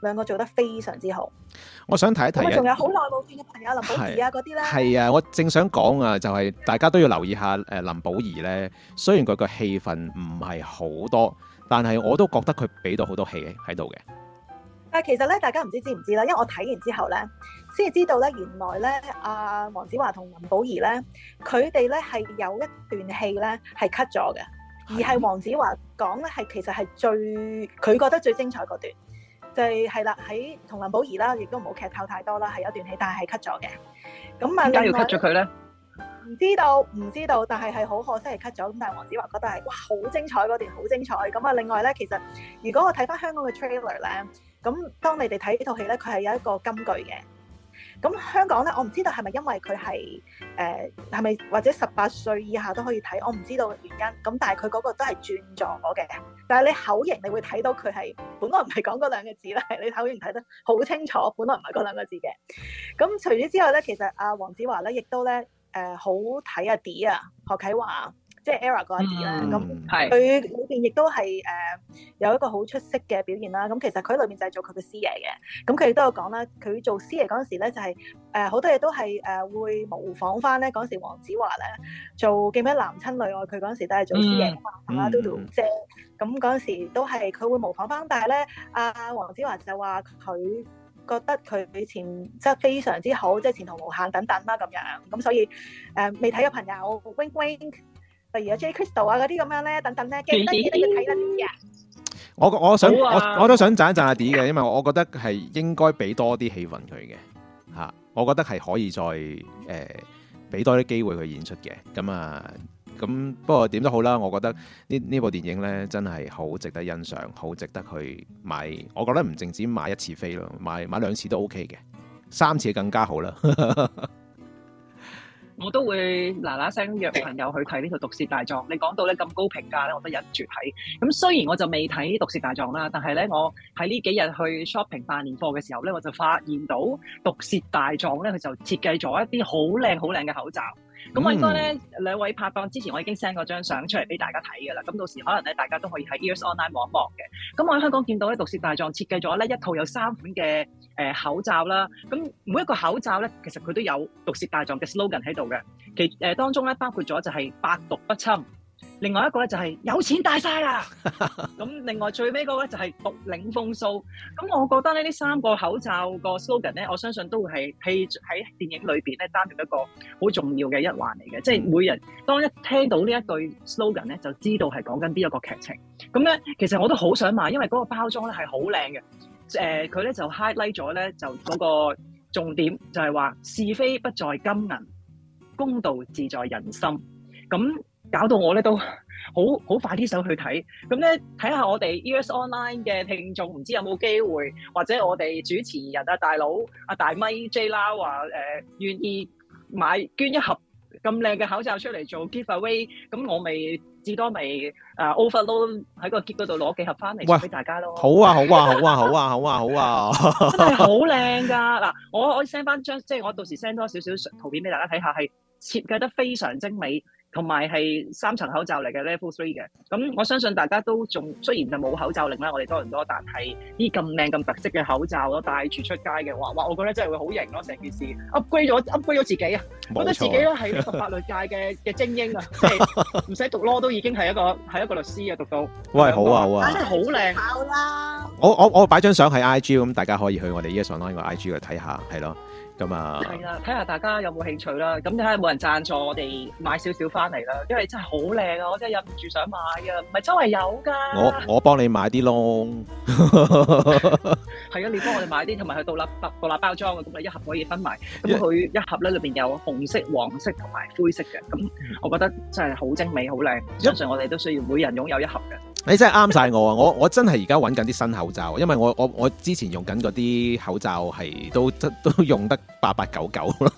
兩個做得非常之好。我想提一提，仲有好耐冇見嘅朋友林保怡啊嗰啲啦。係啊，我正想講啊，就係大家都要留意下誒林保怡咧。雖然佢嘅戲份唔係好多，但係我都覺得佢俾到好多戲喺度嘅。但係其實咧，大家唔知知唔知啦，因為我睇完之後咧，先至知道咧，原來咧阿黃子華同林保怡咧，佢哋咧係有一段戲咧係 cut 咗嘅。而係黃子華講咧，係其實係最佢覺得最精彩嗰段，就係係啦，喺同林保怡啦，亦都唔好劇透太多啦，係有段戲，但係係 cut 咗嘅。咁問點解要 cut 咗佢咧？唔知道，唔知道，但係係好可惜係 cut 咗。咁但係黃子華覺得係哇好精彩嗰段，好精彩。咁啊，另外咧，其實如果我睇翻香港嘅 trailer 咧，咁當你哋睇呢套戲咧，佢係有一個金句嘅。咁香港咧，我唔知道係咪因為佢係誒係咪或者十八歲以下都可以睇，我唔知道嘅原因。咁但係佢嗰個都係轉咗我嘅。但係你口型，你會睇到佢係本來唔係講嗰兩個字啦。你口型睇得好清楚，本來唔係嗰兩個字嘅。咁除咗之後咧，其實阿黃子華咧亦都咧誒、呃、好睇阿 D 啊，何啟華。即係 Error 嗰啲啦，咁佢裏邊亦都係誒有一個好出色嘅表現啦。咁其實佢喺裏邊就係做佢嘅師爺嘅，咁佢亦都有講啦。佢做師爺嗰陣時咧，就係誒好多嘢都係誒、呃、會模仿翻咧。嗰陣時黃子華咧做，記唔記得男親女愛？佢嗰陣時都係做師爺嘛，同阿 Dodo 姐，咁嗰陣時都係佢會模仿翻，但係咧阿黃子華就話佢覺得佢以前績非常之好，即係前途無限等等啦咁樣。咁所以誒、呃、未睇嘅朋友，wing wing。鴨鴨鴨例如有 J Krystal 啊嗰啲咁樣咧，等等咧，幾得意都要睇得啲唔我我想、啊、我我都想讚一讚阿 D 嘅，因為我我覺得係應該俾多啲氣氛佢嘅吓，我覺得係可以再誒俾、呃、多啲機會佢演出嘅。咁啊，咁不過點都好啦，我覺得呢呢部電影咧真係好值得欣賞，好值得去買。我覺得唔淨止買一次飛咯，買買兩次都 OK 嘅，三次更加好啦。 [LAUGHS] 我都會嗱嗱聲約朋友去睇呢套《毒舌大狀》，你講到咧咁高評價咧，我都忍住睇。咁雖然我就未睇《毒舌大狀》啦，但係咧我喺呢幾日去 shopping 辦年貨嘅時候咧，我就發現到《毒舌大狀》咧佢就設計咗一啲好靚好靚嘅口罩。咁、嗯、我應該咧兩位拍檔之前，我已經 send 過張相出嚟俾大家睇㗎啦。咁到時可能咧大家都可以喺 Ears Online 望一望嘅。咁我喺香港見到咧，毒舌大狀設計咗咧一套有三款嘅、呃、口罩啦。咁每一個口罩咧，其實佢都有毒舌大狀嘅 slogan 喺度嘅。其、呃、當中咧包括咗就係百毒不侵。另外一個咧就係、是、有錢大晒啦，咁 [LAUGHS] 另外最尾嗰個就係、是、獨領風騷。咁我覺得呢三個口罩個 slogan 咧，我相信都會係喺喺電影裏邊咧擔住一個好重要嘅一環嚟嘅，即、就、係、是、每人當一聽到呢一句 slogan 咧，就知道係講緊邊一個劇情。咁咧，其實我都好想買，因為嗰個包裝咧係好靚嘅。誒、呃，佢咧就 highlight 咗咧就嗰個重點就是，就係話是非不在金銀，公道自在人心。咁搞到我咧都好好快啲想去睇，咁咧睇下我哋 US Online 嘅聽眾，唔知有冇機會，或者我哋主持人啊，大佬啊，大咪 J 啦，話誒願意買捐一盒咁靚嘅口罩出嚟做 give away，咁我咪至多咪誒、呃、overload 喺個篋嗰度攞幾盒翻嚟俾大家咯。好啊，好啊，好啊，好啊，好啊，好啊，好啊 [LAUGHS] 真係好靚噶！嗱，我我 send 翻張，即係我到時 send 多少少圖片俾大家睇下，係設計得非常精美。同埋係三層口罩嚟嘅 level three 嘅，咁我相信大家都仲雖然就冇口罩令啦，我哋多倫多，但係啲咁靚咁特色嘅口罩咯，戴住出街嘅話，哇哇！我覺得真係會好型咯，成件事 upgrade 咗 upgrade 咗自己啊！覺得自己都係一個法律界嘅嘅精英啊，唔 [LAUGHS] 使讀 law 都已經係一個係一個律師啊，讀到喂好啊好啊，真係好靚啊，啦！我我我擺張相喺 IG 咁，大家可以去我哋 EARS online 個 IG 去睇下，係咯。咁啊，係啦，睇下大家有冇興趣啦。咁睇下冇人贊助，我哋買少少翻嚟啦。因為真係好靚啊，我真係忍唔住想買啊！唔係周圍有噶，我我幫你買啲咯。係啊，你幫我哋買啲，同埋佢獨立包裝嘅，咁咪一盒可以分埋。咁佢一盒咧，裏邊有紅色、黃色同埋灰色嘅。咁我覺得真係好精美、好靚。相信我哋都需要每人擁有一盒嘅。你真係啱晒我啊！我我真係而家揾緊啲新口罩，因為，我我我之前用緊嗰啲口罩係都都用得八八九九咯。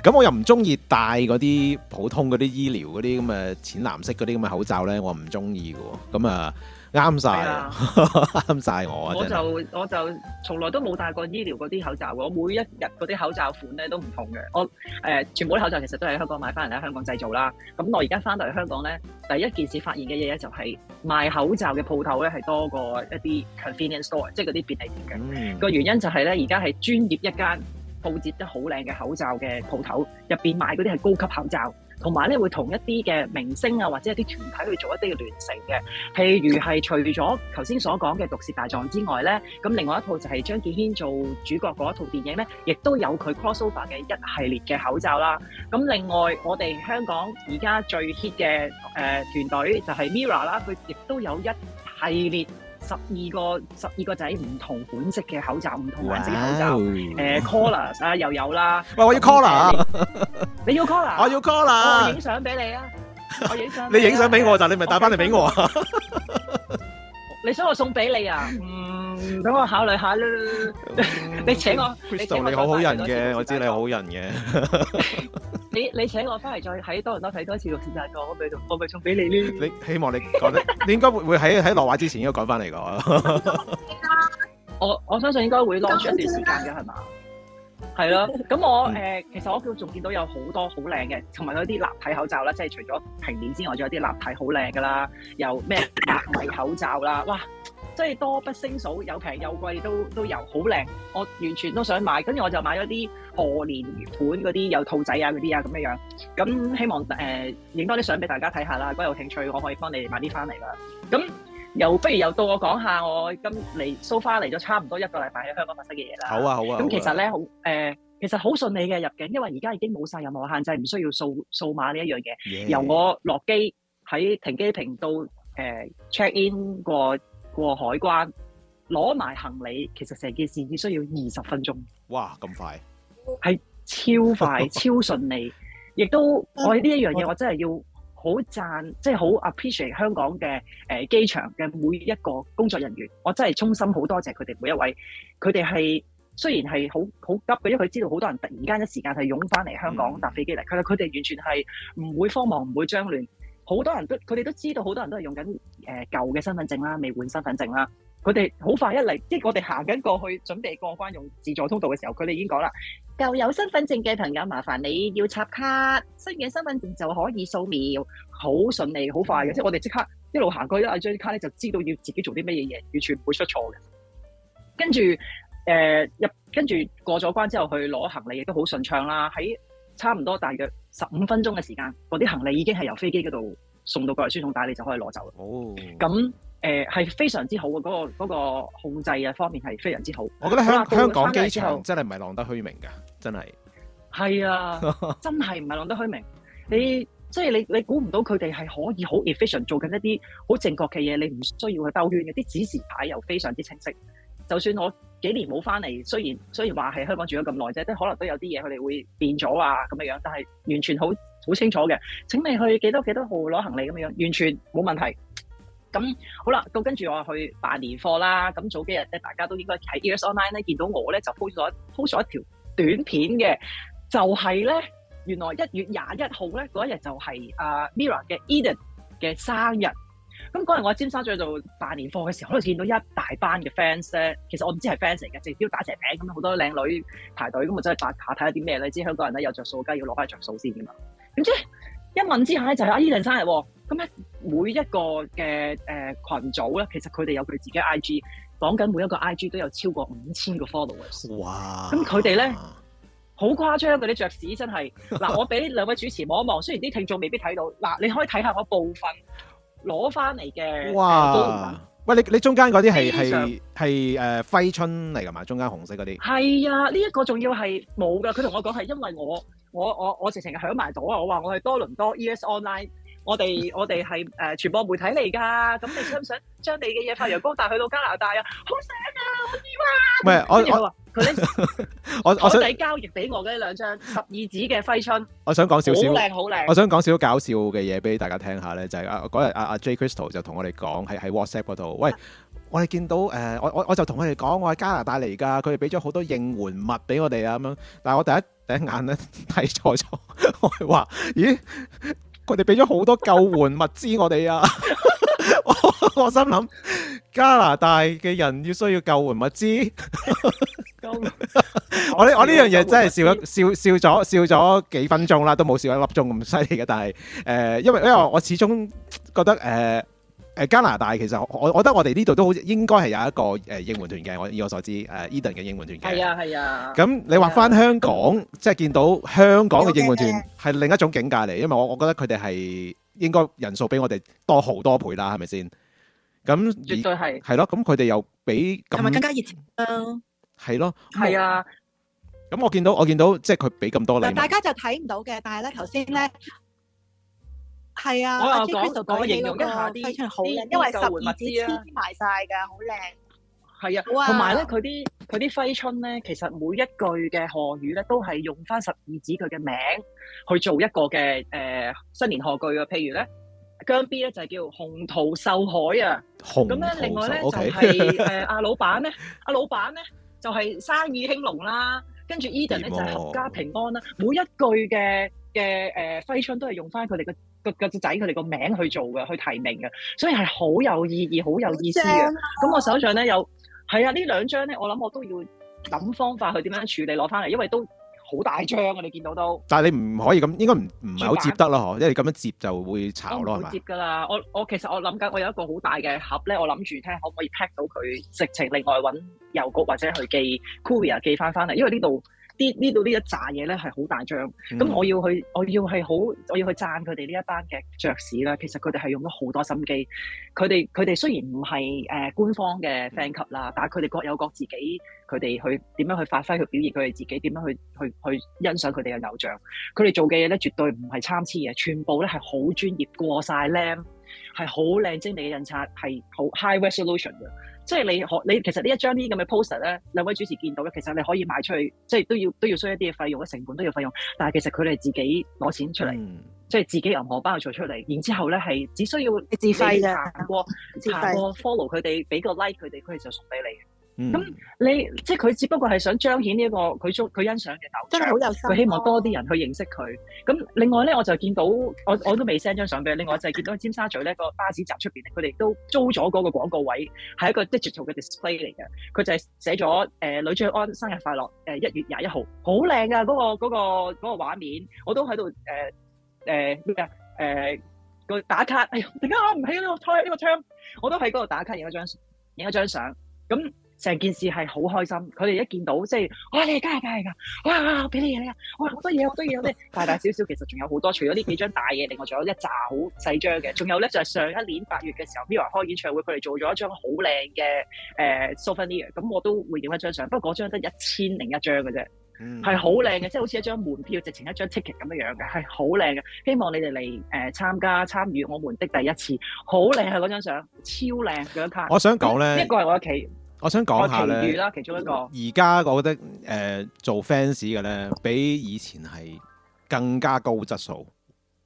咁 [LAUGHS] 我又唔中意戴嗰啲普通嗰啲醫療嗰啲咁嘅淺藍色嗰啲咁嘅口罩呢，我唔中意喎。咁啊～啱曬，啱、啊、 [LAUGHS] 我。我就我就從來都冇戴過醫療嗰啲口罩，我每一日嗰啲口罩款咧都唔同嘅。我、呃、全部啲口罩其實都喺香港買翻嚟喺香港製造啦。咁我而家翻到嚟香港咧，第一件事發現嘅嘢咧就係賣口罩嘅鋪頭咧係多過一啲 convenience store，即係嗰啲便利店嘅。個、嗯、原因就係咧，而家係專業一間佈置得好靚嘅口罩嘅鋪頭，入面賣嗰啲係高級口罩。同埋咧會同一啲嘅明星啊，或者一啲團體去做一啲嘅聯乘嘅，譬如係除咗頭先所講嘅《毒舌大狀》之外咧，咁另外一套就係張敬軒做主角嗰一套電影咧，亦都有佢 crossover 嘅一系列嘅口罩啦。咁另外我哋香港而家最 hit 嘅誒、呃、團隊就係 MIRROR 啦，佢亦都有一系列。十二個十二個仔唔同款式嘅口罩，唔同顏色嘅口罩，誒、呃、 [LAUGHS] colours 啊又有啦，喂，我要 colours 你要 colours 我要 colours 我影相俾你啊，我影相，給你影相俾我，就、uh,，你咪係帶翻嚟俾我啊，你想我送俾你啊？嗯，等我考慮下啦，um, [LAUGHS] 你請我，Krystal, 你做你，你好好人嘅，我知你好好人嘅。 [LAUGHS] 你你請我翻嚟再喺多倫多睇多一次《毒舌大狀》，我咪送我咪送俾你呢？你希望你講， [LAUGHS] 你應該會會喺喺落畫之前應該講翻嚟個。 [LAUGHS] [LAUGHS] 我我相信應該會攞出一段時間嘅，係嘛？係 [LAUGHS] 咯，咁我誒，其實我仲見到有好多好靚嘅，同埋有啲立體口罩啦，即係除咗平面之外，仲有啲立體好靚噶啦，又咩立體口罩啦，哇！即係多不勝數，又平又貴都都有，好靚，我完全都想買。跟住我就買咗啲賀年款嗰啲，有兔仔啊嗰啲啊咁嘅樣。咁希望誒影、呃、多啲相俾大家睇下啦。如果有興趣，我可以幫你買啲翻嚟啦。咁又不如又到我講下我今嚟 so far 嚟咗差唔多一個禮拜喺香港發生嘅嘢啦。好啊好啊。咁其實咧好誒、啊呃，其實好順利嘅入境，因為而家已經冇晒任何限制，唔需要掃掃碼呢一樣嘢。Yeah. 由我落機喺停機坪到誒 check in 過。呃過海關攞埋行李，其實成件事只需要二十分鐘。哇，咁快，係超快超順利，亦 [LAUGHS] 都我呢一樣嘢，我，事 [LAUGHS] 我真係要好讚，即係好 appreciate 香港嘅誒機場嘅每一個工作人員，我真係衷心好多謝佢哋每一位。佢哋係雖然係好好急嘅，因為佢知道好多人突然間一時間係湧翻嚟香港搭飛機嚟，但係佢哋完全係唔會慌忙，唔會張亂。好多人都佢哋都知道，好多人都係用緊誒、呃、舊嘅身份證啦，未換身份證啦。佢哋好快一嚟，即係我哋行緊過去準備過關用自助通道嘅時候，佢哋已經講啦：舊有身份證嘅朋友，麻煩你要插卡，新嘅身份證就可以掃描，好順利，好快嘅、嗯。即係我哋即刻一路行過，一嗌張卡咧，就知道要自己做啲乜嘢嘢，完全唔會出錯嘅。跟住誒入，跟、呃、住過咗關之後去攞行李亦都好順暢啦。喺差唔多大約，十五分鐘嘅時間，嗰啲行李已經係由飛機嗰度送到過嚟輸送帶，你就可以攞走啦。哦、oh.，咁誒係非常之好嘅嗰、嗰個嗰個控制啊方面係非常之好。我覺得香港、那個、香港機場真係唔係浪得虛名㗎，真係係啊，真係唔係浪得虛名。 [LAUGHS] 你即係、就是、你你估唔到佢哋係可以好 efficient 做緊一啲好正確嘅嘢，你唔需要去兜圈嘅，啲指示牌又非常之清晰。就算我幾年冇翻嚟，雖然雖然話係香港住咗咁耐啫，即可能都有啲嘢佢哋會變咗啊咁樣樣，但係完全好好清楚嘅。請你去幾多幾多號攞行李咁樣樣，完全冇問題。咁好啦，咁跟住我去辦年貨啦。咁早幾日咧，大家都應該喺 EARS Online 咧見到我咧，就 post 咗 post 咗一條短片嘅，就係、是、咧原來1月21呢一月廿一號咧嗰一日就係、是、啊、uh, Mirror 嘅 Eden 嘅生日。咁嗰日我喺尖沙咀辦年貨嘅時候，可能見到一大班嘅 fans 咧。其實我唔知係 fans 嚟嘅，直接打蛇餅咁樣，好多靚女排隊，咁啊真係打卡睇下啲咩。你知香港人咧，有着數，梗要攞翻着數先㗎嘛。點知一問之下咧，就係阿 Edan 生日喎。咁咧每一個嘅誒群組咧，其實佢哋有佢自己 IG，講緊每一個 IG 都有超過五千個 followers 哇啊啊！咁佢哋咧，好誇張，嗰啲爵屎真係嗱，我俾兩位主持望一望。雖然啲聽眾未必睇到，嗱、嗱啊，你可以睇下我部分。攞翻嚟嘅，哇、呃多倫多！喂，你你中間嗰啲係係揮春嚟㗎嘛？中間紅色嗰啲係啊！呢、這、一個仲要係冇㗎。佢同我講係因為我我我我直情係響埋度啊！我話我係多倫多 EARS Online。 [LAUGHS] 我哋我哋係誒傳播媒體嚟噶，咁你是是想唔想將你嘅嘢發揚光大去到加拿大 [LAUGHS] 醒啊？好想啊！好啲嘛？唔係，我佢話佢咧，我我想交易俾我嘅呢兩張十二子嘅揮春。 [LAUGHS] 我想講少少，好靚好靚。 [LAUGHS] 我想講少少搞笑嘅嘢俾大家聽下咧，就係啊嗰日阿阿 J Krystal 就同我哋講，係喺 WhatsApp 嗰度，喂，我哋見到誒、呃，我我我就同佢哋講，我喺加拿大嚟噶，佢哋俾咗好多應援物俾我哋啊，咁樣，但係我第一第一眼咧睇 [LAUGHS] 錯咗了， [LAUGHS] 我係話咦。佢哋俾咗好多救援物資我哋啊， [LAUGHS] [LAUGHS] 我心諗加拿大嘅人要需要救援物資， [LAUGHS] 我呢我呢樣嘢真係笑咗笑笑咗笑咗幾分鐘啦，都冇笑一粒鐘咁犀利嘅，但係誒，因、呃、為因為我始終覺得誒。呃誒加拿大其實我我覺得我哋呢度都好應該係有一個誒應援團嘅，我以我所知誒 Edan 嘅應援團嘅。係啊係啊。咁你話返香港，即係見到香港嘅應援團係另一種境界嚟，因為我我覺得佢哋係應該人數比我哋多好多倍啦，係咪先？咁絕對係。係咯，咁佢哋又俾係咪更加熱情啦。係咯，係啊。咁我見到我見到，即係佢俾咁多禮，但係大家就睇唔到嘅。但係咧，頭先咧。係啊，我又講講、啊、形容一下啲啲舊換物資啊，黐埋晒噶，好靚。係啊，同埋咧，佢啲佢啲揮春咧，其實每一句嘅賀語咧，都係用翻十二指佢嘅名字去做一個嘅誒、呃、新年賀句啊。譬如咧，姜 B 咧就係、是、叫紅桃秀海啊，紅咁咧，另外咧、okay. [LAUGHS] 就係誒阿老闆咧，阿、啊、老闆咧就係、是、生意興隆啦。跟住 Edan 咧就係合家平安啦。每一句嘅嘅誒揮春都係用翻佢哋嘅。個仔佢哋個名去做嘅，去提名嘅，所以係好有意義、好有意思嘅。咁、啊、我手上咧有，係啊，呢兩張咧，我諗我都要諗方法去點樣處理攞翻嚟，因為都好大張啊！你見到都。但係你唔可以咁，應該唔唔係好接得咯，嗬！因為咁樣接就會炒咯。接㗎啦，我我其實我諗緊，我有一個好大嘅盒咧，我諗住聽可唔可以 pack 到佢，直情另外揾郵局或者去寄 courier 寄翻翻嚟，因為呢度。啲呢度呢一扎嘢咧係好大張，咁、嗯、我要去，我要係好，我要去讚佢哋呢一班嘅爵屎啦。其實佢哋係用咗好多心機，佢哋佢哋雖然唔係誒官方嘅 fan club 啦，但係佢哋各有各自己，佢哋去點樣去發揮去表現佢哋自己，點樣去去去欣賞佢哋嘅偶像。佢哋做嘅嘢咧，絕對唔係參差嘅，全部咧係好專業過晒。l 係好靚精緻嘅印刷，係好 high resolution 嘅，即係你可你其實呢一張這的呢啲咁嘅 poster 咧，兩位主持見到咧，其實你可以賣出去，即係都要都要需一啲嘅費用，嘅成本都要費用，但係其實佢哋自己攞錢出嚟、嗯，即係自己荷包做出嚟，然之後咧係只需要你自費咋，過自費，過自費行過 follow 佢哋俾個 like 佢哋，佢哋就送俾你。咁、嗯、你即係佢，只不過係想彰顯呢一個佢中佢欣賞嘅偶像，佢、啊、希望多啲人去認識佢。咁另外咧，我就見到我我都未 send 張相俾，另外就係見到尖沙咀咧、嗰個巴士站出面，咧，佢哋都租咗嗰個廣告位，係一個 digital 嘅 display 嚟嘅。佢就係寫咗、呃、呂爵安生日快樂，誒、呃、一月廿一號，好靚噶嗰個畫面，我都喺度誒誒咩啊打卡，哎突然間開唔起呢、呢個呢個窗，我都喺嗰度打卡影一張影一張相咁。成件事係好開心，佢哋一見到即係哇！你係假係假係㗎，哇、啊！我俾你嘢你們啊，哇！好多嘢好多嘢，有 [LAUGHS] 啲大大小小，其實仲有好多，除咗呢幾張大嘢，另外仲有一紮好細張嘅，仲有咧就係、是、上一年八月嘅時候 MIRROR 開演唱會，佢哋做咗一張好靚嘅誒 souvenir，咁我都會影一張相，不過嗰張得一千零一張嘅啫，係、嗯就是、好靚嘅，即係好似一張門票直情一張 ticket 咁樣樣嘅，係好靚嘅。希望你哋嚟誒參加參與我們的第一次，好靚啊！嗰張相超靚，嗰張卡我想講咧，呢個係我屋企。我想講下咧，而家我覺得誒做 fans 嘅咧，比以前係更加高質素，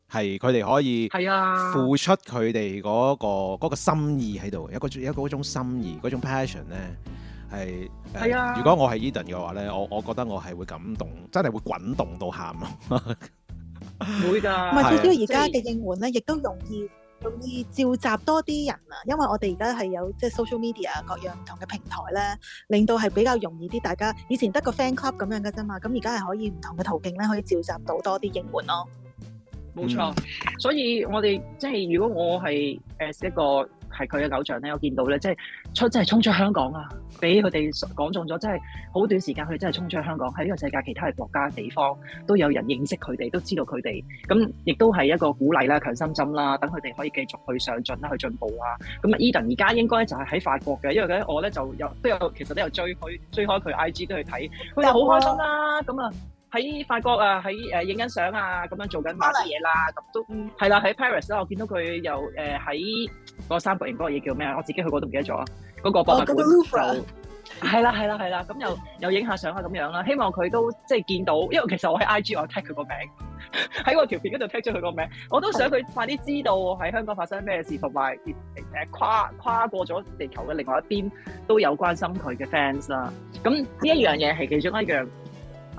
係佢哋可以係啊付出佢哋嗰個嗰個心意喺度，一個有一個心意嗰種 passion 咧，係係啊。如果我係 Eden 嘅話咧，我我覺得我係會感動，真係會滾動到喊啊！會㗎，唔係至少而家嘅應援咧，亦都容易，容易召集多啲人啊，因為我哋而家係有即係 social media 各樣唔同嘅平台咧，令到係比較容易啲。大家以前得個 fan club 咁樣嘅啫嘛，咁而家係可以唔同嘅途徑咧，可以召集到多啲應援咯。冇、嗯、錯，所以我哋即係如果我係誒一個。係佢嘅偶像咧，我見到咧，即係出真係衝出香港啊！俾佢哋講中咗，即係好短時間佢哋真係衝出香港，喺呢個世界其他嘅國家地方都有人認識佢哋，都知道佢哋咁，亦都係一個鼓勵啦、強心針啦，等佢哋可以繼續去上進啦、去進步啊！咁啊，Edan 而家應該就係喺法國嘅，因為咧我咧就有都有其實都有追開追開佢 IG 都去睇，佢又好開心啦、啊！咁啊喺法國啊喺誒影緊相啊咁樣做緊啲嘢啦，咁都係啦喺 Paris 啦、啊，我見到佢又誒喺。呃嗰個三峽型嗰個嘢叫咩啊？我自己去過都唔記得咗。嗰、那個博物館，係啦，係啦，係啦，咁、啊啊啊啊啊、又又影下相啊咁樣啦。希望佢都即係見到，因為其實我喺 IG 我聽佢個名，喺 [LAUGHS] 我條片嗰度聽咗佢個名，我都想佢快啲知道喺香港發生咩事，同埋誒跨跨過咗地球嘅另外一邊都有關心佢嘅 fans 啦。咁呢一樣嘢係其中一樣。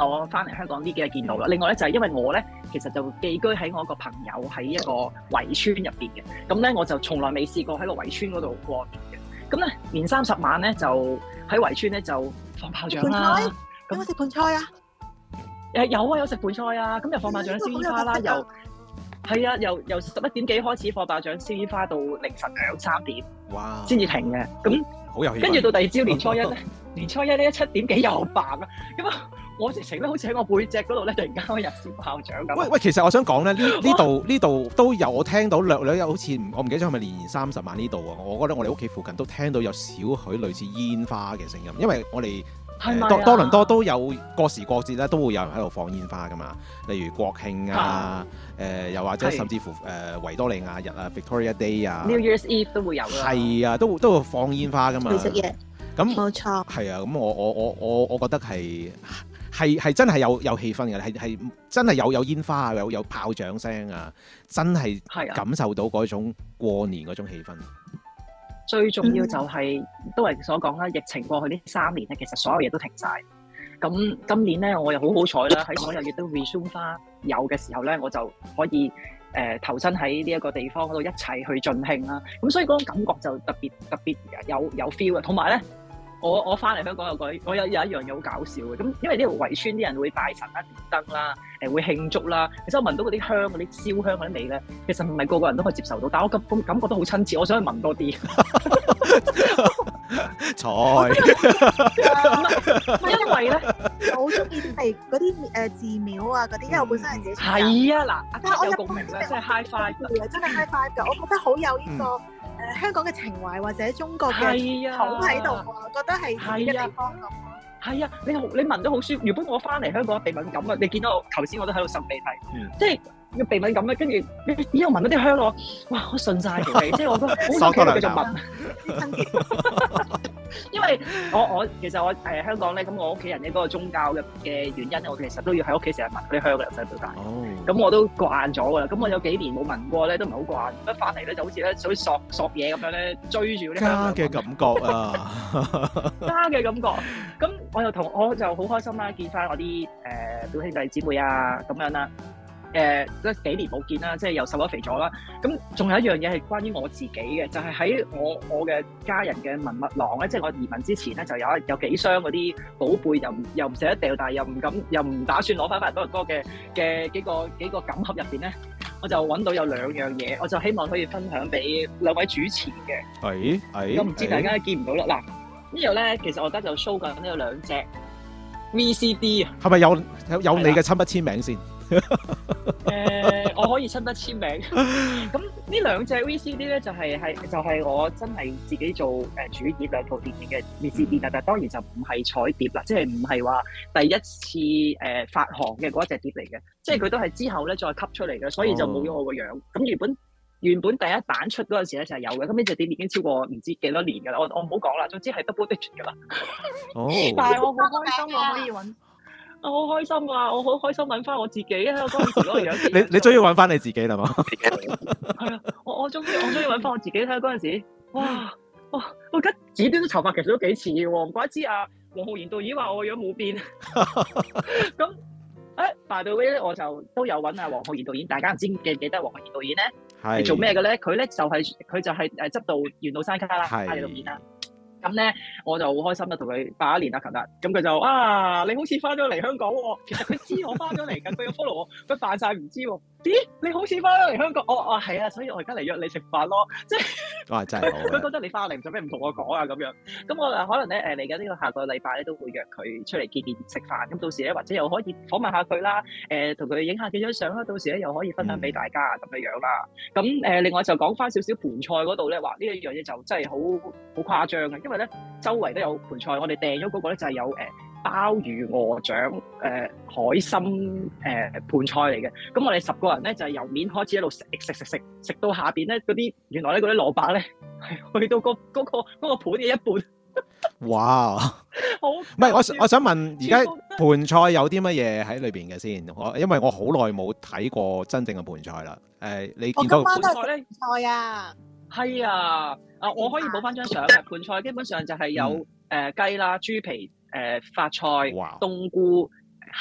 我翻嚟香港呢幾日見到啦。另外咧就係、是、因為我咧其實就寄居喺我個朋友喺一個圍村入邊嘅，咁咧我就從來未試過喺個圍村嗰度過呢年嘅。咁咧年三十晚咧就喺圍村咧就放炮仗啦。有冇食盤，盤菜啊？誒、啊、有啊，有食盤菜啊。咁又放爆仗、啊欸、燒煙花啦。又係啊，由啊由十一點幾開始放爆仗、燒煙花到凌晨兩三點、啊，先至停嘅。咁好，好有趣跟住、啊、到第二朝年初一咧，年初一咧七 [LAUGHS] 點幾又爆啊！咁啊～我直情咧，好似喺我背脊嗰度咧，突然間我又似爆長咁。喂喂，其實我想講咧，呢呢度呢度都有我聽到兩兩日，好似我唔記得咗係咪連年三十晚呢度啊？我覺得我哋屋企附近都聽到有少許類似煙花嘅聲音，因為我哋、呃啊、多多倫多都有過時過節咧，都會有人喺度放煙花㗎嘛。例如國慶啊，誒、呃、又或者甚至乎誒、呃、維多利亞日啊 （Victoria Day） 啊，New Year's Eve 都會有的。係啊，都都會放煙花㗎嘛。除夕夜。咁冇錯。係啊，咁我我我我我覺得係。係係真係有有氣氛嘅，係係真係有有煙花啊，有有炮仗聲啊，真係感受到嗰種過年嗰種氣氛，啊。最重要就係、係、都係所講啦，疫情過去呢三年咧，其實所有嘢都停晒。咁今年咧，我又好好彩啦，喺所有嘢都 resume 翻有嘅時候咧，我就可以誒、呃、投身喺呢一個地方度一齊去盡興啦。咁所以嗰種感覺就特別特別有有 feel 嘅，同埋咧。我我翻嚟香港又講，我有有一樣嘢好搞笑嘅，咁因為呢條圍村啲人會拜神啦、點燈啦、誒會慶祝啦，其實我聞到嗰啲香、嗰啲燒香嗰啲味咧，其實唔係個個人都可以接受到，但係我感感覺都好親切，我想去聞多啲。坐 [LAUGHS] 才笑，因為咧，我好中意係嗰啲誒寺廟啊嗰啲、嗯，因為我本身嘢出嚟。係啊嗱、啊，但係、啊、我一般即係 high five 嘅，真係 high five 嘅，我覺得好有呢、這個。嗯嗯誒、呃、香港嘅情懷或者中國嘅傳統喺度喎，係啊啊、我覺得係一個地方咁。係啊，啊，啊，你你聞得好舒服。如果我翻嚟香港鼻敏感啊、嗯，你見到我頭先我都喺度擤鼻涕，嗯、即係。個鼻敏感咧，跟住依又聞到啲香咯，哇！我信晒嘅，即 [LAUGHS] 係我都好多期都繼續聞。聞 [LAUGHS] [LAUGHS] 因為我我其實我誒香港咧，咁我屋企人咧嗰個宗教嘅嘅原因呢，我其實都要喺屋企成日聞啲香嘅，由細到大。咁我都慣咗噶啦，咁我有幾年冇聞過咧，都唔係好慣。一翻嚟咧，就好似咧，好索索嘢咁樣咧，追住啲香嘅。家嘅感覺啊！ [LAUGHS] [LAUGHS] 家嘅感覺。咁我又同我就好開心啦，見翻我啲誒表兄弟姊妹啊，咁樣啦。誒，即係幾年冇見啦，即係又瘦咗肥咗啦。咁仲有一樣嘢係關於我自己嘅，就係、是、喺我我嘅家人嘅文物廊咧，即係我移民之前咧就有有幾箱嗰啲寶貝，又唔又唔捨得掉，但係又唔敢又唔打算攞翻翻多日多嘅嘅幾個幾個錦盒入邊咧，我就揾到有兩樣嘢，我就希望可以分享俾兩位主持嘅。誒、哎、誒，我、哎、唔知大家見唔到啦嗱。呢度咧，其實我而家就 show 緊呢有兩隻 V C D 啊，係咪有有有你嘅親筆簽名先？誒、 [LAUGHS] uh,，我可以親得簽名。咁 [LAUGHS] 呢兩隻 VCD 咧，就係、是、係就係、是、我真係自己做誒、呃、主演兩套電影嘅 VCD 啊！但係當然就唔係彩碟啦，即係唔係話第一次誒、呃、發行嘅嗰隻碟嚟嘅，即係佢都係之後咧再吸出嚟嘅，所以就冇咗我個樣。咁、oh. 原本原本第一版出嗰陣時咧就係有嘅，咁呢隻碟已經超過唔知幾多年噶啦。我我唔好講啦，總之係 double digit 噶啦。哦、 [LAUGHS] oh.，但係我好開心 [LAUGHS] 我可以揾。我好開心啊！我好開心揾翻我自己，我嗰陣時個樣有 [LAUGHS] 你。你你終於揾翻你自己啦嘛？係 [LAUGHS] 啊，我我終於我終於揾翻我自己睇下嗰陣時，哇哇我而家剪短啲頭髮，其實都幾似喎。唔怪之啊，黃浩然導演話我個樣冇變。咁 [LAUGHS] 誒、 [LAUGHS] 哎、，by the way 咧，我就都有揾阿黃浩然導演。大家唔知記唔記得黃浩然導演咧係做咩嘅咧？佢咧就係、是、佢就係誒，執導緣路山旮旯，系列導演啦。咁咧，我就好開心啦，同佢拜一年阿、啊、琴日，咁佢就啊，你好似返咗嚟香港喎、啊，其實佢知我返咗嚟嘅，佢 [LAUGHS] 有 follow 我，佢扮晒唔知喎、啊。咦，你好似翻嚟香港，我我係啊，所以我而家嚟約你食飯咯，即 [LAUGHS] 係，真係好佢覺得你翻嚟做咩唔同我講啊咁樣，咁我可能咧誒嚟緊呢個下個禮拜咧都會約佢出嚟見見食飯，咁到時咧或者又可以訪問下佢啦，誒同佢影下幾張相啦，到時咧又可以分享俾大家咁、嗯、樣樣啦。咁、呃、另外就講翻少少盆菜嗰度咧，話呢一樣嘢就真係好好誇張嘅，因為咧周圍都有盆菜，我哋訂咗嗰個咧就係有、呃鮑魚鵝掌誒、呃，海參誒盤菜嚟嘅。咁我哋十個人咧就係由面開始一路食食食食食到下邊咧嗰啲，原來咧嗰啲蘿蔔咧係去到、嗰個、嗰個、嗰個盤嘅一半。哇 [LAUGHS] Wow. [LAUGHS] [LAUGHS] 好唔係我我，我想問而家盤菜有啲乜嘢喺裏邊嘅先？我 [LAUGHS] 因為我好耐冇睇過真正嘅盤菜啦。誒、呃，你見到嘅盤菜咧？盤菜呢係呀，係啊，啊，我可以補翻張相嘅盤菜，基本上就係有誒雞啦、嗯呃、豬皮。誒、呃、發菜、Wow. 冬菇、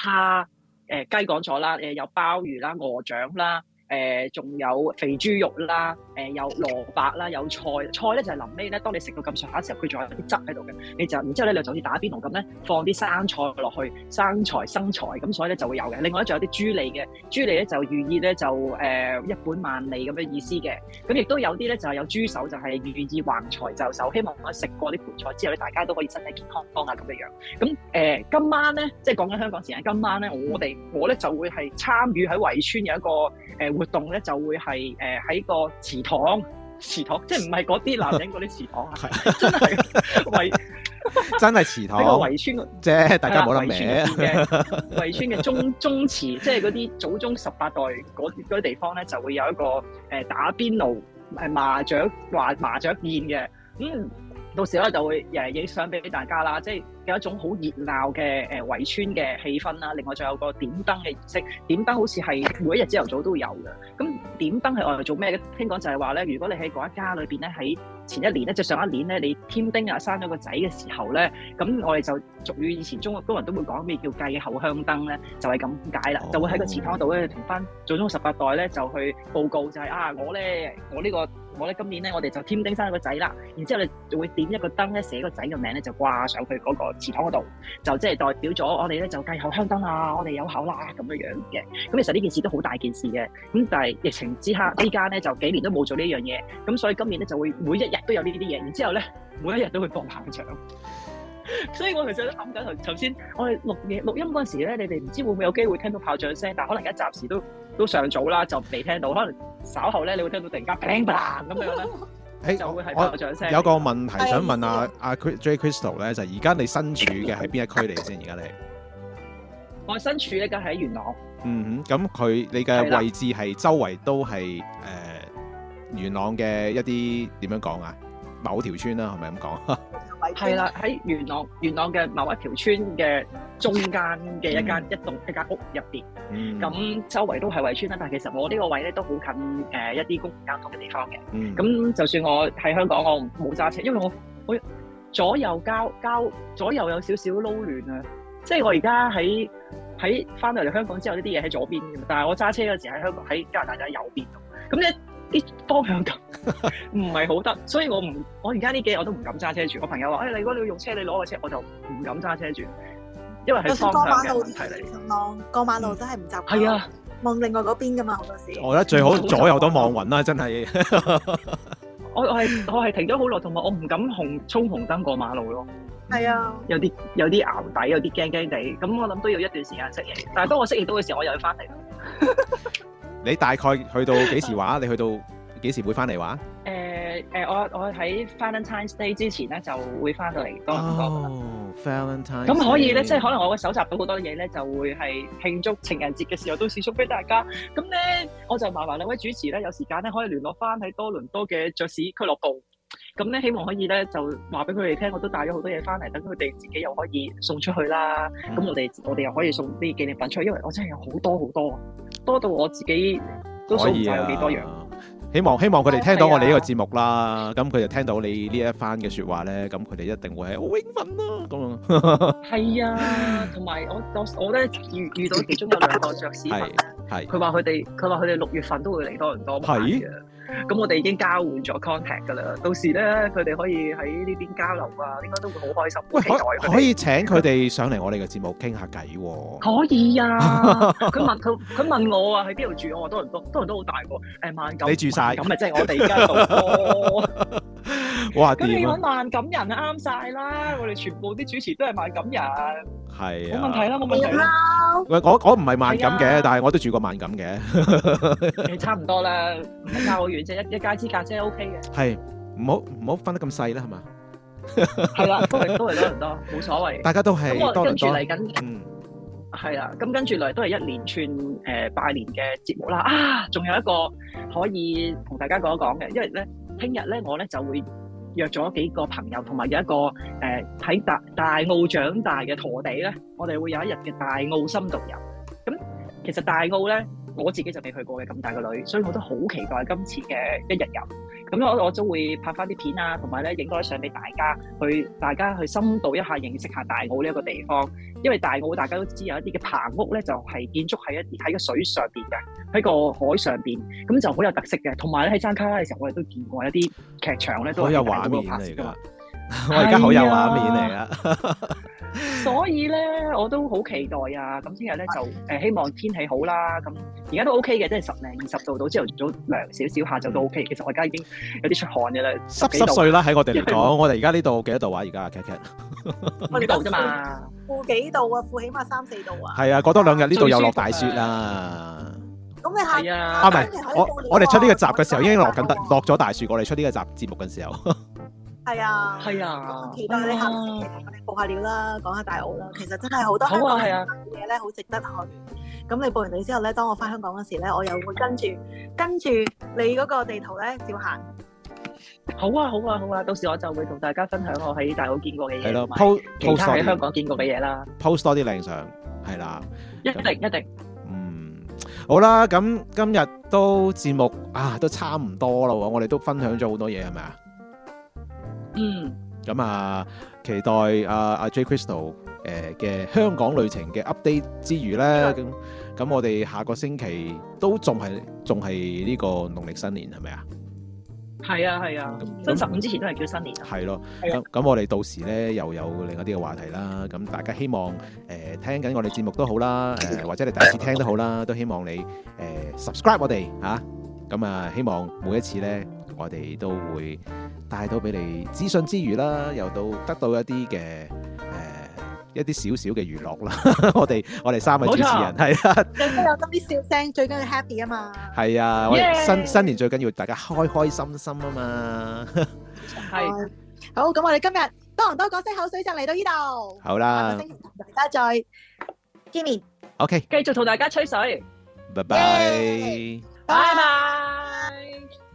蝦、誒、呃、雞講咗啦、呃，有鮑魚啦、鵝掌啦。呃誒、呃、仲有肥豬肉啦，誒、呃、有蘿蔔啦，有菜，菜咧就係臨尾咧，當你食到咁上下時候，佢仲有啲汁喺度嘅，你就然之後咧就好似打邊爐咁咧，放啲生菜落去生菜、生菜咁，所以咧就會有嘅。另外咧仲有啲豬脷嘅，豬脷咧就寓意咧就誒、呃、一本萬利咁嘅意思嘅，咁亦都有啲咧就係有豬手就係、是、寓意橫財就手，希望我食過啲盆菜之後咧，大家都可以身體健康康啊咁嘅樣。咁誒、呃、今晚咧即係講緊香港時間今晚咧，我哋我咧就會係參與喺圍村有一個、呃活動咧就會係誒喺個祠堂，祠堂即係唔係嗰啲男人嗰啲祠堂啊，係 [LAUGHS] 真係是為 [LAUGHS] 真係祠堂。呢 [LAUGHS] 個圍村即係大家冇諗名嘅圍村嘅宗宗祠，即係嗰啲祖宗十八代嗰啲、那個、地方咧，就會有一個誒、呃、打邊爐、誒麻雀話麻雀宴嘅咁。嗯到時咧就會誒影相俾大家啦，即係有一種好熱鬧嘅誒圍村嘅氣氛啦。另外仲有個點燈嘅儀式，點燈好似係每一日朝頭早都有嘅。咁點燈喺外頭做咩嘅？聽講就係話咧，如果你喺嗰一家裏邊咧，喺前一年咧，即係上一年咧，你添丁啊生咗個仔嘅時候咧，咁我哋就俗語以前中國工人都會講咩叫繼後香燈咧，就係咁解啦，就會喺個祠堂度咧，同翻祖宗十八代咧，就去報告就係啊，我咧我呢個。我今年咧，我哋就添丁生咗個仔啦，然之後咧會點一個燈咧，寫個仔嘅名咧，就掛上去嗰個祠堂嗰度，就即係代表咗我哋咧就繼後香燈啊，我哋有口啦咁樣樣嘅。咁其實呢件事都好大件事嘅。咁但係疫情之下，依家咧就幾年都冇做呢樣嘢。咁所以今年咧就會每一日都有呢啲嘢，然之後咧每一日都會放炮仗。 [LAUGHS] 所以我其實都諗緊頭先我哋錄嘢錄音嗰陣時咧，你哋唔知會唔會有機會聽到炮仗嘅聲？但可能而家暫時都。都尚早啦，就未聽到，可能稍後咧，你會聽到突然間砰啦咁樣咧、欸，就會係爆個掌聲。有個問題想問啊，J、哎啊、Krystal 咧，就而家你身處嘅係邊一區嚟先？而 [LAUGHS] 家你我身處呢而家喺元朗。嗯哼，咁佢你嘅位置係周圍都係元朗嘅一啲點樣講啊？某條村啦、啊，係咪咁講？係 [LAUGHS] 啦，喺元朗元朗嘅某一條村嘅中間嘅一間一棟、嗯、一間屋入邊。咁、嗯、周圍都係圍村啦，但係其實我呢個位咧都好近誒一啲公共交通嘅地方嘅。咁、嗯、就算我喺香港，我冇揸車，因為我我左右交交左右有少少撈亂啊。即、就、係、是、我而家喺喺翻到嚟香港之後，呢啲嘢喺左邊嘅，但係我揸車嗰時喺香港喺加拿大喺右邊咁咧。啲方向感唔係好得，所以我唔我而家呢幾日我都唔敢揸車住。我朋友話：哎，你如果你要用車，你攞個車我就唔敢揸車住，因為係過馬路咯。過馬路真係唔習慣，望、嗯、另外嗰邊噶嘛好多時。我覺得最好左右都望暈啦，真係 [LAUGHS] 。我停了很久而且我係我係停咗好耐，同埋我唔敢紅衝紅燈過馬路咯。係啊，有啲有啲淆底，有啲驚驚地。咁我諗都要一段時間適應，但係當我適應到嘅時候，我又要翻嚟咯。 [LAUGHS] 你大概去到幾時玩？你去到幾時會翻嚟玩？誒 [LAUGHS] 誒、呃，我我喺 Valentine's Day 之前咧就會翻到嚟多倫多啦。Oh, Valentine's Day 咁可以咧，即係可能我搜集到好多嘢咧，就會係慶祝情人節嘅時候都試送俾大家。咁咧，我就麻煩兩位主持咧，有時間咧可以聯絡翻喺多倫多嘅爵士俱樂部。咁咧，希望可以咧就話俾佢哋聽，我都帶咗好多嘢翻嚟，等佢哋自己又可以送出去啦。咁、mm. 我哋我哋又可以送啲紀念品出去，因為我真係有好多好多。多到我自己都數唔曬有幾多樣，啊，希望希望佢哋聽到我哋呢個節目啦，咁佢就聽到你呢一番嘅説話咧，咁佢哋一定會係好興奮咯。咁啊，係啊，同 [LAUGHS] 埋我我我咧遇遇到其中有兩個爵屎粉，係佢話佢哋佢話佢哋六月份都會嚟多倫多咁我哋已經交換咗 contact 㗎喇，到時咧佢哋可以喺呢邊交流啊，應該都會好開心。喂，可可以請佢哋上嚟我哋嘅節目傾下偈喎？可以啊，佢問佢問我啊，喺邊度住？我話多倫多，多倫多好大喎。誒，萬錦你住曬，咁咪即係我哋而家做。哇！咁你揾萬錦人啱曬啦，我哋全部啲主持都係萬錦人。係冇問題啦，冇問題啦。我我唔係萬錦嘅，但係我都住過萬錦嘅。差唔多啦，交完。只一一家之隔，即係 O K 嘅。係，唔好唔好分得咁細啦，係嘛？係啦，都係都係多倫多，冇所謂。大家都係咁跟住嚟，嗯，係啦，咁跟住嚟都係一連串誒拜年嘅節目啦。啊，仲有一個可以同大家講一講嘅，因為咧，聽日咧我咧就會約咗幾個朋友，同埋有一個誒喺大大澳長大嘅徒弟咧，我哋會有一日嘅大澳深度遊。咁其實大澳咧。我自己就未去過嘅，咁大個女，所以我都好期待今次嘅一日遊。咁我我都會拍翻啲片啊，同埋咧影多啲相俾大家去，去大家去深度一下認識下大澳呢一個地方。因為大澳大家都知道有一啲嘅棚屋咧，就係建築喺一喺個水上邊嘅，喺個海上邊，咁就好有特色嘅。同埋咧喺山卡拉嘅時候，我哋都見過一啲劇場咧，都有畫面嚟噶。我而家好有畫面嚟㗎！所以咧，我都好期待啊！咁聽日咧就誒，希望天氣好啦、啊。咁而家都 OK 嘅，即係十零二十度到。朝頭早涼少少，下晝都 OK。其實我而家已經有啲出汗嘅啦，濕濕碎啦。喺我哋嚟講，我哋而家呢度幾多度啊？而家啊，Kat 我哋呢度啫嘛，負幾度啊？負起碼三四度啊！係啊，過多兩日呢度又落大雪啊！咁你下啊？唔、啊、係、啊、我哋、啊、出呢個集嘅時候，已經落緊大、啊、落咗大雪。我哋出呢個集節目嘅時候。 [LAUGHS] 係啊，期待你下次我哋報下料啦，講下大澳啦。其實真係好多香港嘅嘢咧，好值得去。咁你報完料之後咧，當我翻香港嗰時咧，我又會跟住跟住你嗰個地圖咧，照行。好啊，好啊，好啊！到時我就會同大家分享我喺大澳見過嘅嘢係咯，post 其他喺香港見過嘅嘢啦，post 多啲靚相係啦，一定一定。嗯，好啦，咁今日都節目啊，都差唔多咯。我我哋都分享咗好多嘢，係咪啊？嗯，咁啊，期待阿、啊、阿、啊、J Krystal 誒、呃、嘅香港旅程嘅 update 之餘咧，咁咁我哋下個星期都仲係仲係呢個農曆新年係咪啊？係啊係啊，三十五之前都係叫新年。係咯，咁我哋到時咧又有另一啲嘅話題啦。咁大家希望誒、呃、聽緊我哋節目都好啦，誒、呃、或者你第一次聽都好啦，都希望你誒 subscribe、呃、我哋吓。咁啊，啊，希望每一次咧。我哋都會帶到俾你資訊之餘啦，又到得到一啲嘅誒，一啲少少嘅娛樂啦。 [LAUGHS] 我哋我哋三位主持人係啊，最緊要多啲笑聲，最緊要 happy 啊嘛。係啊，yeah. 我哋新新年最緊要大家開開心心啊嘛。係、 [LAUGHS] yeah. 好，咁我哋今日多倫多港式口水陣就嚟到呢度。好啦，大家再見面。OK，繼續同大家吹水。Bye bye 拜拜。Yeah. Bye bye bye bye